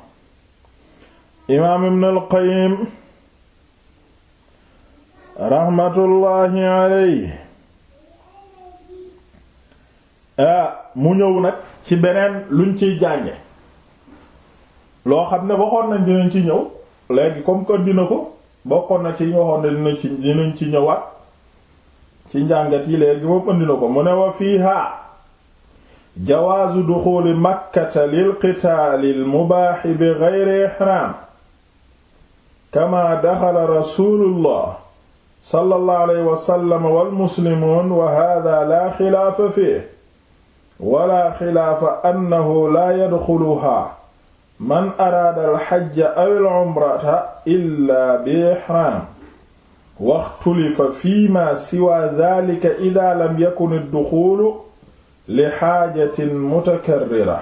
imaam ibn al-Qayyim rahmatullahi alayhi ah, mu ñëw nag ci beneen luñ ciy jànge loo xam ne waxoon nañ dinañ ci ñëw léegi comme que ko bokkoon na ci ñu ci dinañ ci ñëwaat ci njàngat yi léegi ko mu ne wa fiiha jawaazu duxuli makkata lil qitaali al mubaaxi bi geyri ihraam kama daxala rasulullah sallallahu alayhi wa sallam wal muslimuun wa hada la xilaafa fiihi wala xilaafa annahu la yadxuluha man araada alxajja aw alcumrata illa bi ixraam waxtulifa fi ma siwa dalika ida lam yakun adduxulu li xaajatin mutakarrira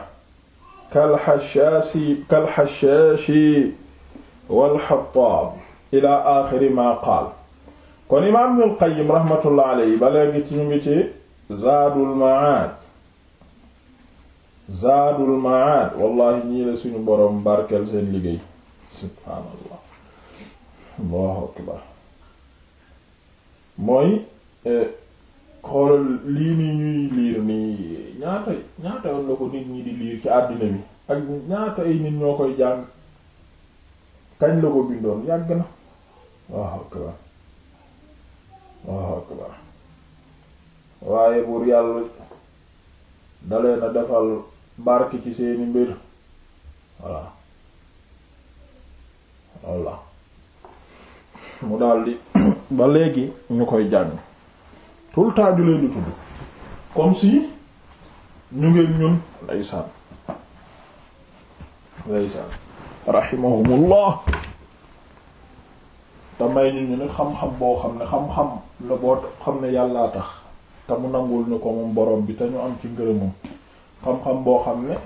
kalxashaasi kalxashaashi walxataab ila axiri ma qaal kon imaam ibnul qayyim raxmatullah aleyhi ba léegi ci ñu ngi ci zaadul maad zaadul maad wallahi ñii la suñu boroom barkeel seen liggéey subhaanallah allahu akbar mooy eh, xoolal lii nii ñuy liir nii ñaata ñaata yoon la ko nit ñi di liir ci àddina bi ak ñaata nit ñoo koy jàng kañ la ko bindoon yàgg na allahu akbar waaye buur yàlla dalee na defal barke ci seeni mbir voilà walla mu daldi <coughs> ba léegi ñu koy jàng tout le temps ju leen di tudd comme si ñu ngeen ñun ndeysaan ndeysaan rahimahumullah te may ñu ñu xam-xam boo xam ne xam-xam la boo xam ne yàllaa tax te mu nangul ñu ko moom borom bi te ñu am ci ngërëmam xam-xam boo xam ne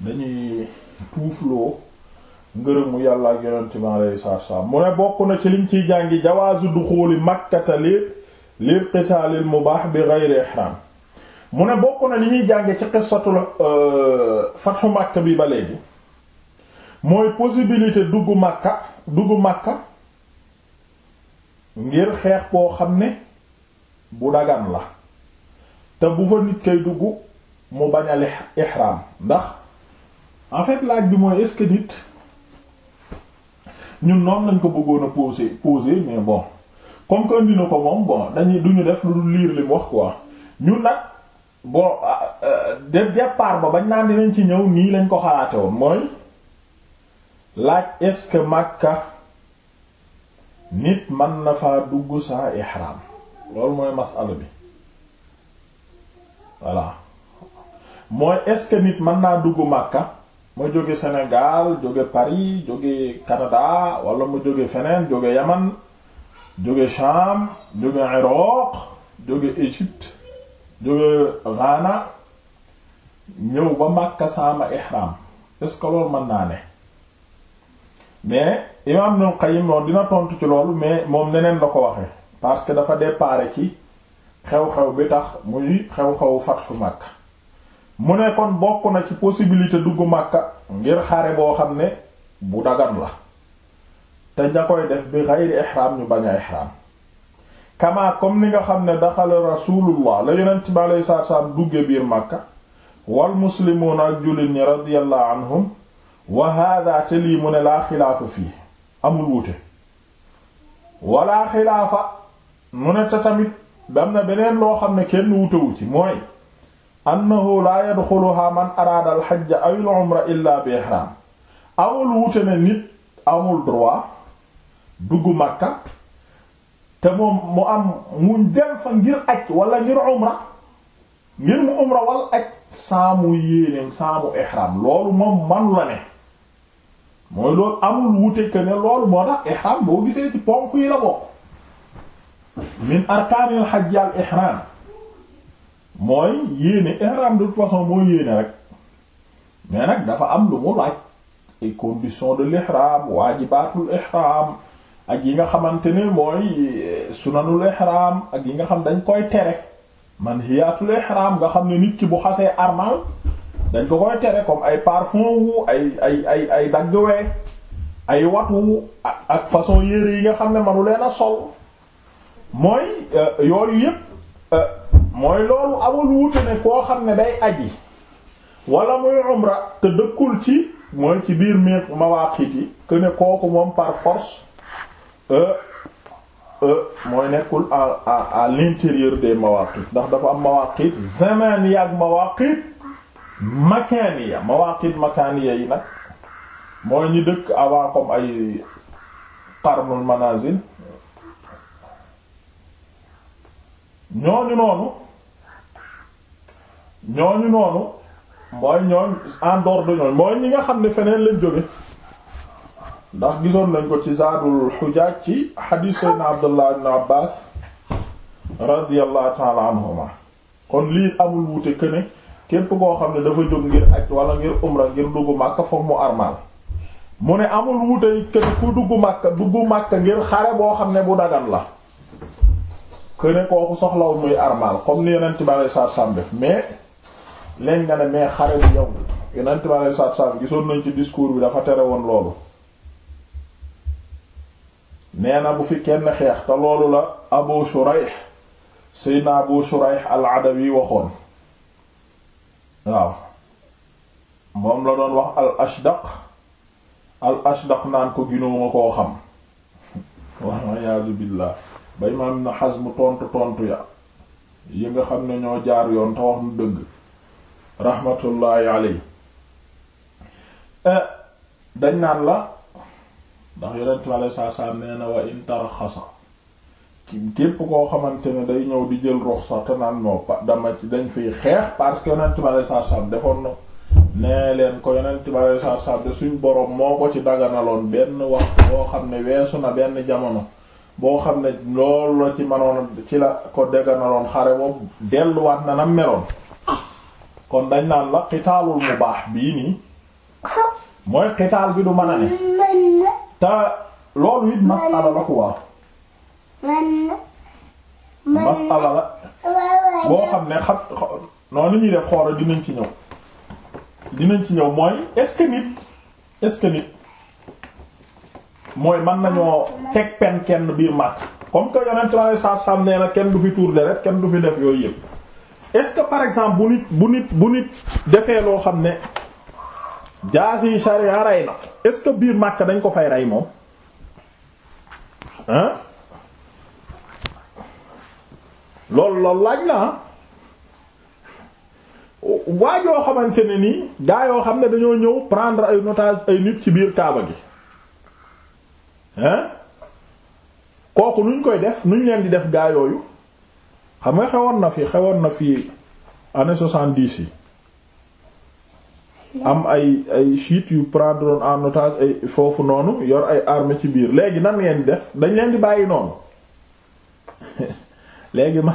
dañuy tuufloo ngërëmu yàlla ak yonent bi alayhi salaatu mu ne bokk na ci liñ ciy jàngi jawaazu duxuuli makkata li lil mu baax bi ghayri ihraam mu ne bokk na li ñuy jànge ci qissatul euh, fatxu Makka bi ba léegi mooy possibilité dugg Makka dugg Makka ngir xeex boo xam ne bu dagan la te bu fa nit kay dugg mu bañ a ndax en fait laaj bi mooy est-ce que nit ñun noon lañ ko bëggoon a poser poser mais bon comme que indi na ko moom bon dañuy duñu def lu liir li mu ko quoi ñun nag bon ah, euh, de départ ba bañ naan dinañ ci ñëw nii lañ ko xalaate woon mooy laaj est-ce que Makka nit mën na faa dugg saa ihram loolu mooy masala bi voilà mooy est-ce que nit mën naa dugg màkka ma jóge Sénégal jóge Paris jóge Canada wala ma jóge feneen jóge Yaman jóge Sham jóge Iraq jóge Égypte jóge Ghana ñëw ba Makka sama ihram est-ce que loolu mën naa ne mais imam Ibn Qayyim noonu dina tontu ci loolu mais moom neneen la ko waxe parce que dafa départ ci xew-xew bi tax muy xew-xewu fathu Makka mu ne kon bokk na ci possibilité dugg Makka ngir xare boo xam ne bu dagan la te ña koy def bi xayri ihraam ñu bañ a ihraam kama nga xam ne daxala rasulullah la yonent bi aleyhi salaatu salaam dugge biir Makka wal muslimuuna ak jullit ñi radiyallahu anhum wa hada te lii mu ne laa xilaafa fii amul wuute wala xilaafa mu ne te tamit dam na beneen loo xam ne kenn wutewu ci mooy annahu laa yadxuluha man araada alxajja aw al umra illa bi ihram amul wuute ne nit amul droit dugg makka te moom mu am muñ dem fa ngir aj wala ngir umra ngir mu umra wal aj saamu yéeneem saamu ihram loolu moom manu ne mooy loolu amul wuute que ne loolu moo tax ihram boo gisee ci ponk yi la bokk min arkaanil xajj al ihram mooy yéene ihram de toute façon moo yéene rek mais nag dafa am lu mu laaj ay conditions de l'ihram waajibatul ihram ak yi nga xamante ne mooy eh, sunanul ihram ak yi nga xam dañ koy tere man hiyatul ihram nga xam ne nit ki bu xasee armal dañ ko koy tere comme ay parfum ay ay ay ay daggwee ay watu ak façon yére yi nga xam ne manu leen a sol mooy eh, yooyu yépp eh, mooy loolu amul wuute ne koo xam ne day aji wala muy umra te dëkkul ci mooy ci biir miir mawaqit yi que ne kooku moom par force euh, euh, mooy nekkul à à à l'intérieur des mawaqit ndax dafa am mawaqit zamaniya ak mawaqit makaniya mawaqit makaniya yi nag mooy ñi dëkk avant comme ay qarnul manazil ñooñu noonu ñooñu noonu mooy ñooñ en dehors ñooñ mooy ñi nga xam ne feneen lañ jóge ndax gisoon nañ ko ci zaadul xujaaj ci xadiis saydna abdullah ibn abbas radiallahu taala anhuma kon lii amul wuute këne képp koo xam ne dafa jóg ngir aj wala ngir umra ngir dugg màkka foog mu armal mu ne amul wuute këne ku dugg màkka dugg màkka ngir xare boo xam ne bu dagan la këne kooku soxlawul muy armal comme ni yonent bi alei satu salaam mais leen nga ne mais xare bu yow yonent bi alei satu salaam gisoon nañ ci discours bi dafa tere woon loolu nee na bu fi kenn xeex te loolu la Abu Shuraih Seydina Abu Shuraih al-Adawi waxoon waaw moom la doon wax al ashdaq al ashdaq naan ko ginoo ma koo xam <laughs> waaw a'uuzu billaah ba imaam na Hazm tontu tontu ya yi nga xam ne ñoo jaar yoon te wax nu dëgg rahmatullahi aley eh, dañ naan la ndax yonent bi alei saat nee na wa in tarxasa képp koo xamante ne day ñëw di jël ruxsa te naan moo dama ci dañ fiy xeex parce que yonent bi alei saat defoon na nee leen ko yonent bi alei saat de suñ boroom moo ko ci daganaloon benn waxtu boo xam ne weesu na benn jamono boo xam ne loolu la ci manoon ci la ko dégganaloon xare boobu delluwaat na nam meloon kon dañ naan la xitaalul mu baax bii nii mooy xitaal bi du mën a ne te loolu it masala la ku waaw masala la boo xam ne xam noonu ñuy def xoora dinañ ci ñëw dinañ ci ñëw mooy est-ce mooy man nañoo teg pen kenn biir màkk comme que yonentu Yàlla saa saam nee na kenn du fi tuur deret kenn du fi def yooyu yëpp est-ce que par exemple bu nit bu nit bu nit defee loo xam ne jaasi sharia rey na est-ce que biir màkk dañ ko fay rey moom loolu loolu laaj la waajoo xamante ne nii gaa yoo xam ne dañoo ñëw prendre ay otage ay nit ci biir Kaaba gi hein kooku nuñ koy def nuñ leen di def gaa xam nga xewoon na fi xewoon na fi année soixante-dix yi am ay ay chiites yu prendre en otage ay foofu noonu yor ay armes ci biir léegi nan ngeen def dañ leen di bàyyi noonu <laughs> léegi ma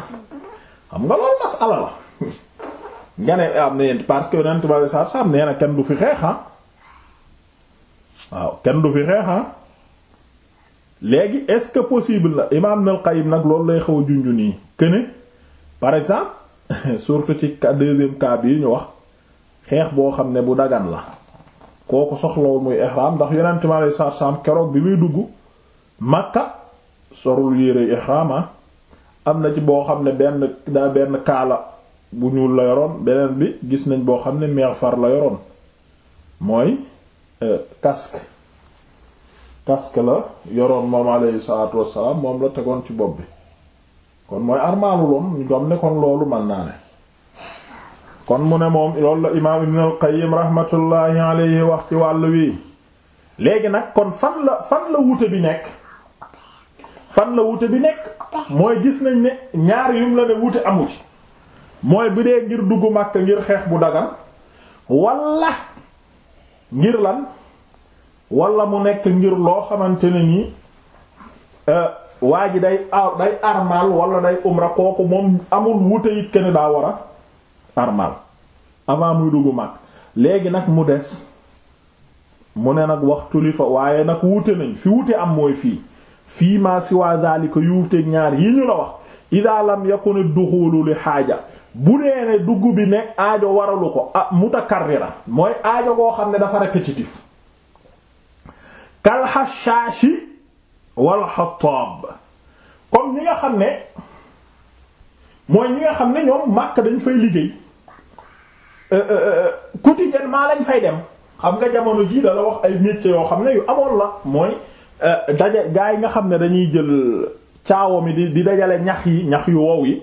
xam nga loolu masala la <laughs> nga ne am ah, na parce que yonent bi sallallahu alayhi wasallam nee na kenn du fi xeex ah waaw kenn du fi xeex ah. léegi est-ce que possible la imaam Ibn al nag loolu lay xaw a junj nii que par exemple <laughs> surtout ci deuxième cas bii ñu wax xeex boo xam ne bu dagan la kooku soxlawul muy ihram ndax Yonent mi alayhi keroog bi muy dugg Makka sorul yére ihram ah. am na ci boo xam ne benn kaala bu ñuul la yoroon beneen bi gis nañ boo xam ne meex far la yoroon mooy euh, casque. casque la yoroon moom alayhi salaatu wassalaam moom la tegoon ci bopp bi kon mooy armaalu loon ñu gam ne kon loolu man naa ne kon mu ne moom loolu la imaam ibn al-Qayyim rahmatullahi alayhi wax ci wàll wi léegi nag kon fan la fan la wute bi nekk fan la wute bi nekk mooy gis nañ ne ñaar yum la ne wute amu ci mooy bi dee ngir duggu Makka ngir xeex bu dagan walla ngir lan wala mu nekk ngir loo xamante ne nii euh, waa ji day day armal wala day umra kooku moom amul wute it kenn daa war a armal avant muy dugg mag léegi nag mu des mu ne nag waxtu li fa waaye nag wute nañ fi wute am mooy fii fii maa si waa daalika yu wute ñaar yi ñu la wax ida lam yakun duxulu li xaaja bu nee ne dugg bi ne aajo waralu ko ah mutakarrira mooy aajo goo xam ne dafa répétitif kalxashaashi wal xattaab comme ñi nga xam ne mooy ñi nga xam ne ñoom Makka dañ fay liggéey euh, euh, euh, quotidiennement lañ fay dem xam nga jamono ji dala wax ay métiers yoo xam ne yu amoon la mooy daja gaa yi nga xam ne dañuy jël caawa mi di di dajale ñax yi ñax yu wow yi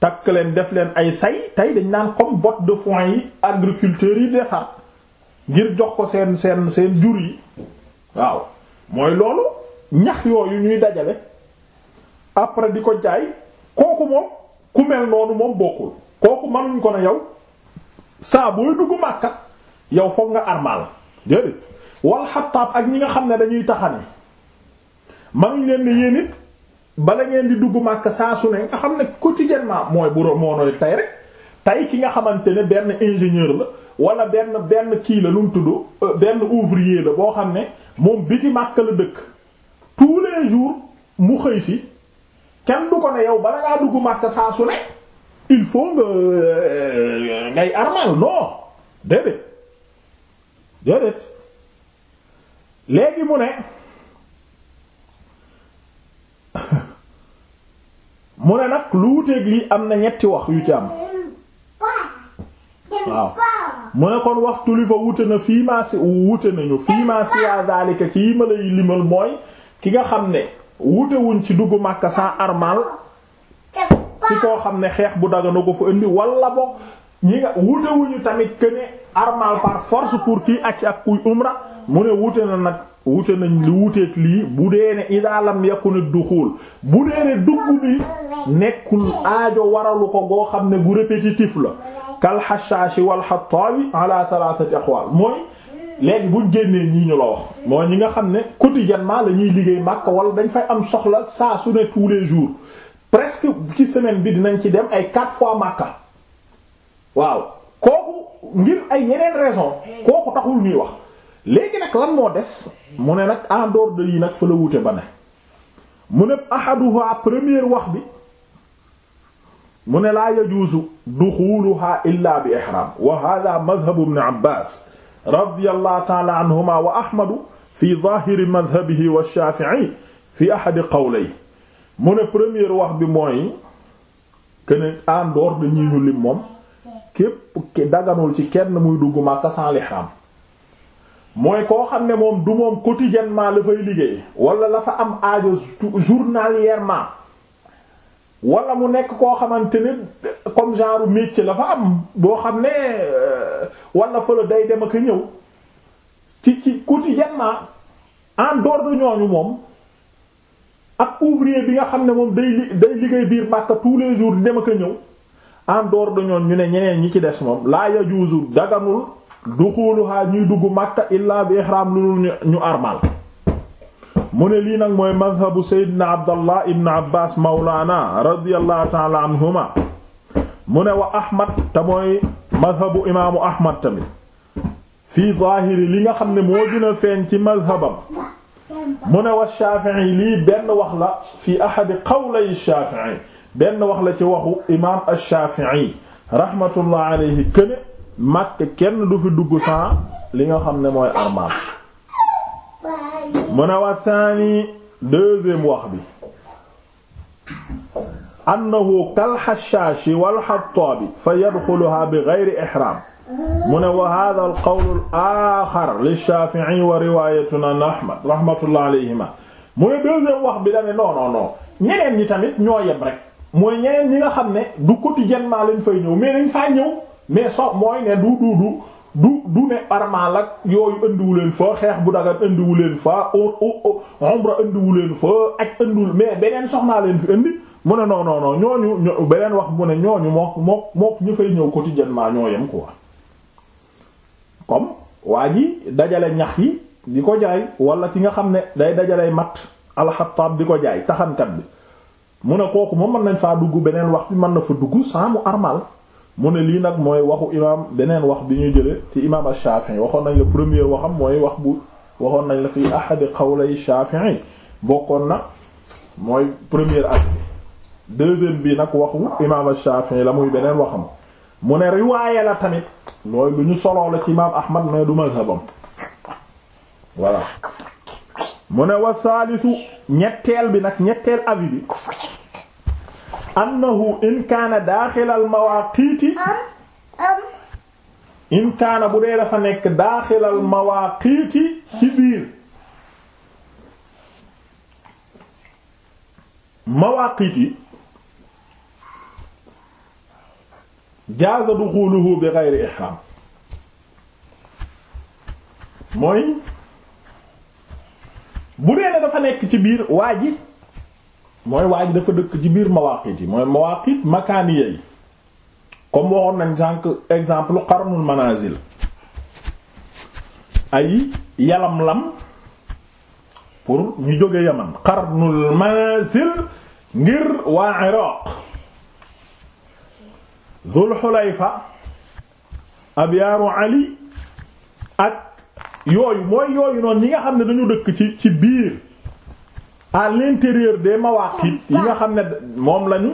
takk leen def leen ay say tey dañ naan comme botte de foin yi agriculteurs yi defar ngir jox ko seen seen seen jur yi waaw mooy loolu ñax yu ñuy dajale après di ko jaay kooku moom ku mel noonu moom bokkul kooku mënuñ ko ne yow saa booy dugg Makka yow foog nga armal déedéet wal xattaab ak ñi nga xam ne dañuy taxane mënuñ leen di yéen it bala ngeen di dugg Makka saa su ne nga xam ne quotidiennement mooy bu moo nooy tey rek. tey ki nga xamante ne benn ingénieur la wala benn benn kii la nu mu tudd euh, benn ouvrier la boo xam ne moom biti Makka la dëkk tous les jours mu xëy si kenn du ko ne yow bala ngaa dugg Makka saa su ne il faut nga euh, ngay armal non déedéet déedéet léegi mu ne <laughs> mu ne nag lu wuteeg lii am na ñetti wax yu ci am. waaw mu ne kon waxtu li fa wute na fii maa si wute nañu fii maa si yaa daalika kii ma lay limal mooy ki nga xam ne wute wuñ ci dugg Makka sans armal ci koo xam ne xeex bu dagana ko fa indi wala boog ñi nga wute wuñu tamit que ne armal par force pour kii acc ak kuy umra mu ne wute na nag wute nañ li wuteek lii bu dee ne idaalam yàqu ne duxul bu dee ne dugg bi nekkul aajo waralu ko goo xam ne gu répétitif la kal xashaashi wal xattaabi ala thalathati axwaal mooy léegi buñ génnee ñii ñu la wax mooy ñi nga xam ne quotidiennement la ñuy liggéey Makka wala dañ fay am soxla saa su ne tous les jours presque ci semaine bi dinañ ci dem ay quate fois Makka waaw kooku ngir ay yeneen raison kooku taxul ñuy wax léegi nag lan moo des mu ne nag en dehors de yi nag fa la wute ba ne mu ne ahaduha première wax bi mu ne laa yajuuzu duxuluha illa bi ihram wa hada madhabu ibn abbas radiyallahu ta'ala anhuma wa ahmadu fi zahiri madhabihi wa shafi'i fi ahadi qawlay mu ne première wax bi mooy kene en dehors de ñi ñu lim moom képp daganul ci kenn muy dugg Makka sans l'ihram mooy koo xam ne moom du moom quotidiennement la fay liggéey wala la fa am aajo journalièrement wala mu nekk koo xamante ne comme genre métier la fa am boo xam ne euh, wala folo day dem ak ñëw ci ci quotidiennement en dehors de ñooñu moom ak ouvrier bi nga xam ne moom day li day liggéey biir Makka tous les jours di dem ak ñëw en dehors de ñooñu ñu ne ñeneen ñi ci des moom laa yajuuzu daganul duxuluha ñuy dugg Makka illa bi ihram lu ñu ñu armal mu ne lii nag mooy madhabu seydina abdallah ibn abbas mawlaana radiyallahu taala anhuma mu ne wa ahmad te mooy madhabu imaamu ahmad tamit fii zaahiri li nga xam ne moo dina feeñ ci madhabam mu ne wa shafii lii benn wax la fi ahadi qawlay shafii benn wax la ci waxu imaam ash-shafii rahmatullah alayhi këne màkk kenn du fi dugg sans li nga xam ne mooy armaal mu ne wa thani deuxième wax bi annahu kal xashaashi wal fa yadxuluha bi gayri ihraam mu ne wa hada al qawlu al axar li shaafi'i wa ahmad rahmatullah alayhima mu ne deuxième wax bi dane non non non ñeneen ñi tamit ñoo yem rek mooy ñeneen nga xam ne du quotidiennement lañ fay ñëw mais dañ faa ñëw mais so mooy ne du du du du du ne armal ak yooyu andiwu leen fa xeex bu dagan andiwu leen fa umra andiwu leen fa ak andiwul mais beneen soxnaa leen fi andi mu ne non non non ñooñu beneen wax mu ne ñooñu mook mook mook ñu fay ñëw quotidiennement ñoo yem quoi comme waa ji dajale ñax yi di ko jaay wala ki nga xam ne day dajale matt alxattaab di ko jaay taxankat bi mu ne kooku moom mën nañ faa dugg beneen wax bi mën na fa dugg saa mu armal mu ne lii nag mooy waxu imaam beneen wax bi ñuy jële ci imaam Shafi'i waxoon nañ la premier waxam mooy wax bu waxoon nañ la fi ahadi qawlay Shafi'i bokkoon na mooy premier at bi bii nag waxu imaam Shafi'i la muy beneen waxam mu ne riwaaya la tamit mooy lu ñu soloo la ci imaam Ahmad mais du mazhabam voilà mu ne wa ñetteel bi nag ñetteel avis bi annahu in kaana daaxilal mawaaqiiti in kaana bu dee dafa nekk daaxilal mawaaqiiti ci biir mawaaqiiti jaaza duxuluhu bi geyri ihraam mooy bu dee dafa nekk ci biir waa ji mooy waa dafa dëkk ci biir mawaqit yi mooy mawaqit makaaniya yi comme waxoon nañ sànq exemple qarnul manazil ay yalamlam pour ñu jóge yaman qarnul manazil ngir waa iraq dhul xulayfa abyaaru ali ak yooyu mooy yooyu noonu ñi nga xam ne dañu dëkk ci ci biir à l'intérieur des mawaqit yi nga xam ne moom lañu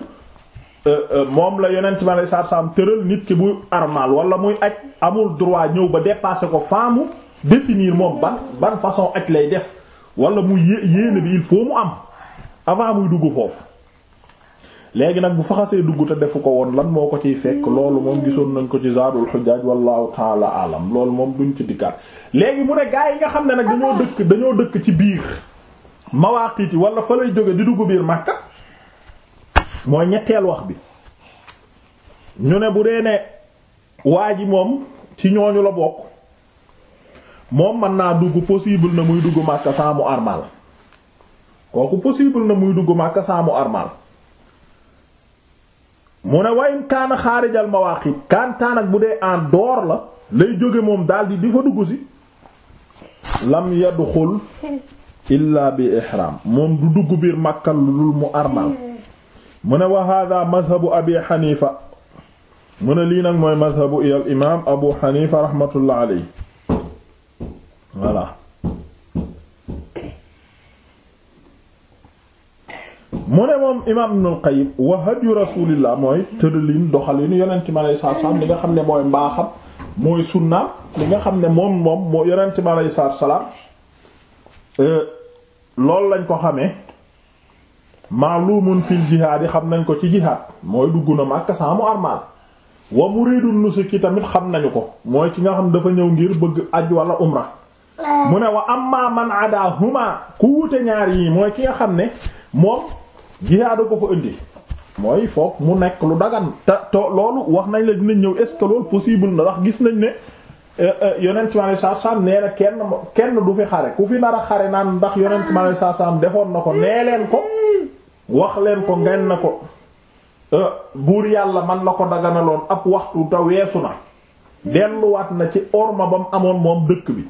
euh, euh, moom la yonent ma lay saa saam tëral nit ki bu armal wala muy aj amul droit ñëw ba dépasser ko faamu définir moom ban ban façon aj lay def wala mu yé yéene bi il faut mu am avant muy dugg foofu. léegi nag bu faxasee xasee dugg te defu ko woon lan moo ko ciy fekk loolu moom gisoon nañ ko ci Zadul Hujjaj wallahu taala alam loolu moom duñ ci dikkaat léegi mu ne gaa yi nga xam ne nag dañoo dëkk dañoo dëkk ci biir. mawaqit yi wala fa lay jóge di dugg biir Makka mooy ñetteel wax bi ñu ne bu dee ne waa ji moom ci ñooñu la bokk moom mën naa dugg possible na muy dugg Makka saa mu armal kooku possible na muy dugg Makka saa mu armal mu ne wayn kaana xaarijal mawaqit kantaan ak bu dee en door la lay jóge moom daldi di fa dugg si lam yadxul illaa bi ihraam moom du dugg biir màkka lu dul mu armal mu ne wa hada madhabu abi xanifa mu ne lii nag mooy madhabu ila al imaam abu xanifa rahmatullah aley voilà mu ne moom imaam ibnul qayyim wa hadyu rasulillah mooy tërëlin doxalinu yonent mi aley salaatu salaam li nga xam ne mooy mbaaxam mooy sunna li nga xam ne moom moom moo yonent mi aley salaatu salaam euh, loolu lañ ko xamee maalumun fil jihaad yi xam nañ ko ci jihaad mooy dugg na Makka sans mu armal wa muridun nusuki tamit xam nañu ko mooy ki nga xam dafa ñëw ngir bëgg aj wala umra mu ne wa amma man ada huma ku wute ñaar yi mooy ki nga xam ne moom jihaad ko fa indi mooy foog mu nekk lu dagan te to loolu wax nañ la dinañ ñëw est ce possible ndax gis nañ ne Eh, eh, yonent mi alei satu salaam nee na kenn kenn du fi xare ku fi nar a xare naan ndax yonent mi alei defoon na ko nee leen ko wax leen ko ngeen na ko eh, buur yàlla man la ko daganaloon ab waxtu te weesu na delluwaat na ci orma ba mu amoon moom dëkk bi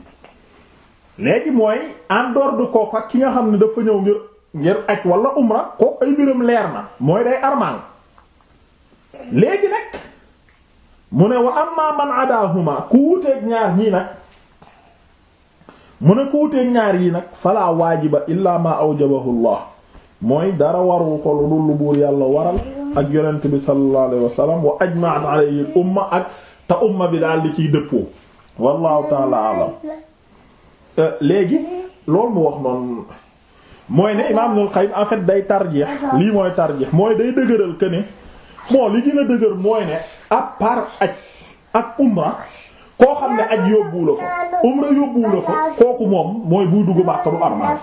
léegi mooy en dehors de kooku ki nga xam ni dafa ñëw ngir ngir aj wala umra kooku ay mbiram leer na mooy day armal léegi nag mu ne wa amma man adahuma ku ñaar ñii nag mu ne ku ñaar yi nag fala waajiba illa ma awjabahu llah mooy dara waru ko lu buur yàlla waral ak yonent bi sallallahu alayhi wa sallam ajma'at alayhi al ak te umma bi daal di ciy dëppoo wallahu ta'ala alam euh, léegi loolu mu wax noonu mooy ne imaam Ibnul Qayyim en day tarjeex lii mooy tarjeex mooy day dëgëral que bon li gën a dëgër mooy ne à part aj ak umra koo xam ne ak yóbbuwu la fa umra yóbbuwu fa kooku moom mooy buy dugg Makka du armal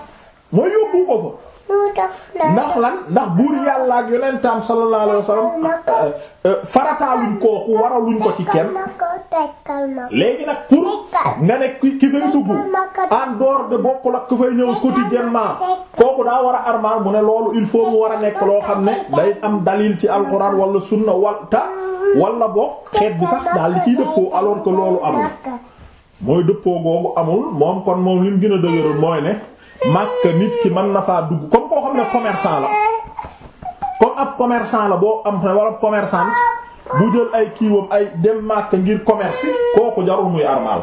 mooy yóbbuwu fa ndax lan ndax buur yàllaak ak yonentam sallallahu alayhi wasallam euh, euh, farataaluñ kooku waraluñ ko ci kenn léegi nag pour nga ne ki fay dugg en dehors de bokkul ak ku fay ñëw quotidiennement kooku daa war a armal mu ne loolu il faut mu war a nekk loo xam ne day am dalil ci alxuraan wala sunna walta wala boog xeet bi sax daal li ciy dëppoo alors que loolu amul mooy dëppoo googu amul moom kon moom li gën a dëgëral mooy ne. Makka nit ki man na faa dugg comme koo xam ne commerçant la kon ab commerçant la boo am ne wala commerçant bu jël ay kiiwam ay dem Makka ngir commerce kooku jarul muy armal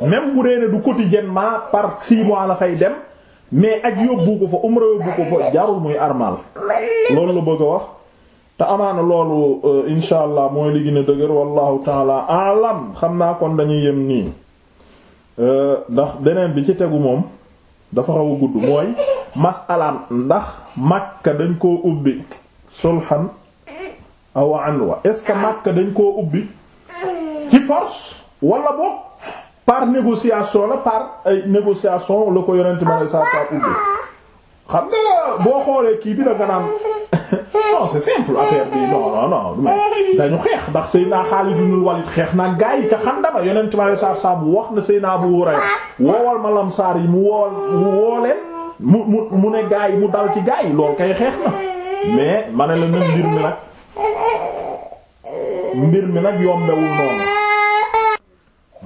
même bu dee ne du quotidiennement par six la fay dem mais ak yóbbu ko fa umra yóbbu ko fa jarul muy armal loolu la bëgg a wax te amaana loolu euh, insha allah mooy li gën a dëgër wallahu taala alam xam naa kon dañuy yem nii Euh, ndax beneen bi ci tegu moom dafa xaw a gudd mooy masalaam ndax Makka dañ koo ubbi sulhan aw anwa est-ce que Makka dañ koo ubbi ci force wala boog par négociation la par ay négociation la ko yonent bi sallallahu alayhi wa ubbi xam nga boo xoolee kii bi da nga naan <laughs> non c'est simple affaire bi non non non dañu xeex ndax Seydina yi ibn Walid xeex na gaa yi ca Xandama yonent ma saab wax na Seydina Abu Hurayra woowal ma lamsaar yi mu wool mu wooleen mu mu ne gaa yi mu dal ci gaa yi lool kay xeex na mais ma ne la même mbir mi nag mbir mi nag yombewul noonu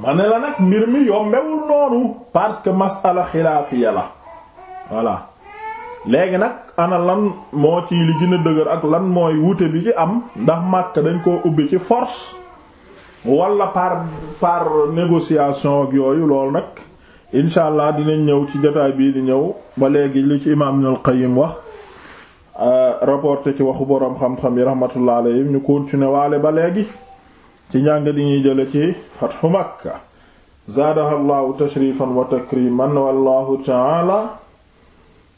ma ne la nag mbir mi yombewul noonu parce que masala xilaafiya la voilà léegi nag ana lan moo ci li gën dëgër ak lan mooy wuute bi ci am ndax Makka dañ koo ubbi ci force wala par par négociation yooyu loolu nag incha allah dinañ ñëw ci jotaay bii di ñëw ba léegi li ci imaam Ibnul Qayyim wax euh, rapporté ci waxu borom xam-xam yi rahmatullah alayhim ñu continuer waale ba léegi ci njàng di ñuy jële ci Fathu Makka zaadaha llahu tashrifan wa takriman wallahu ta'ala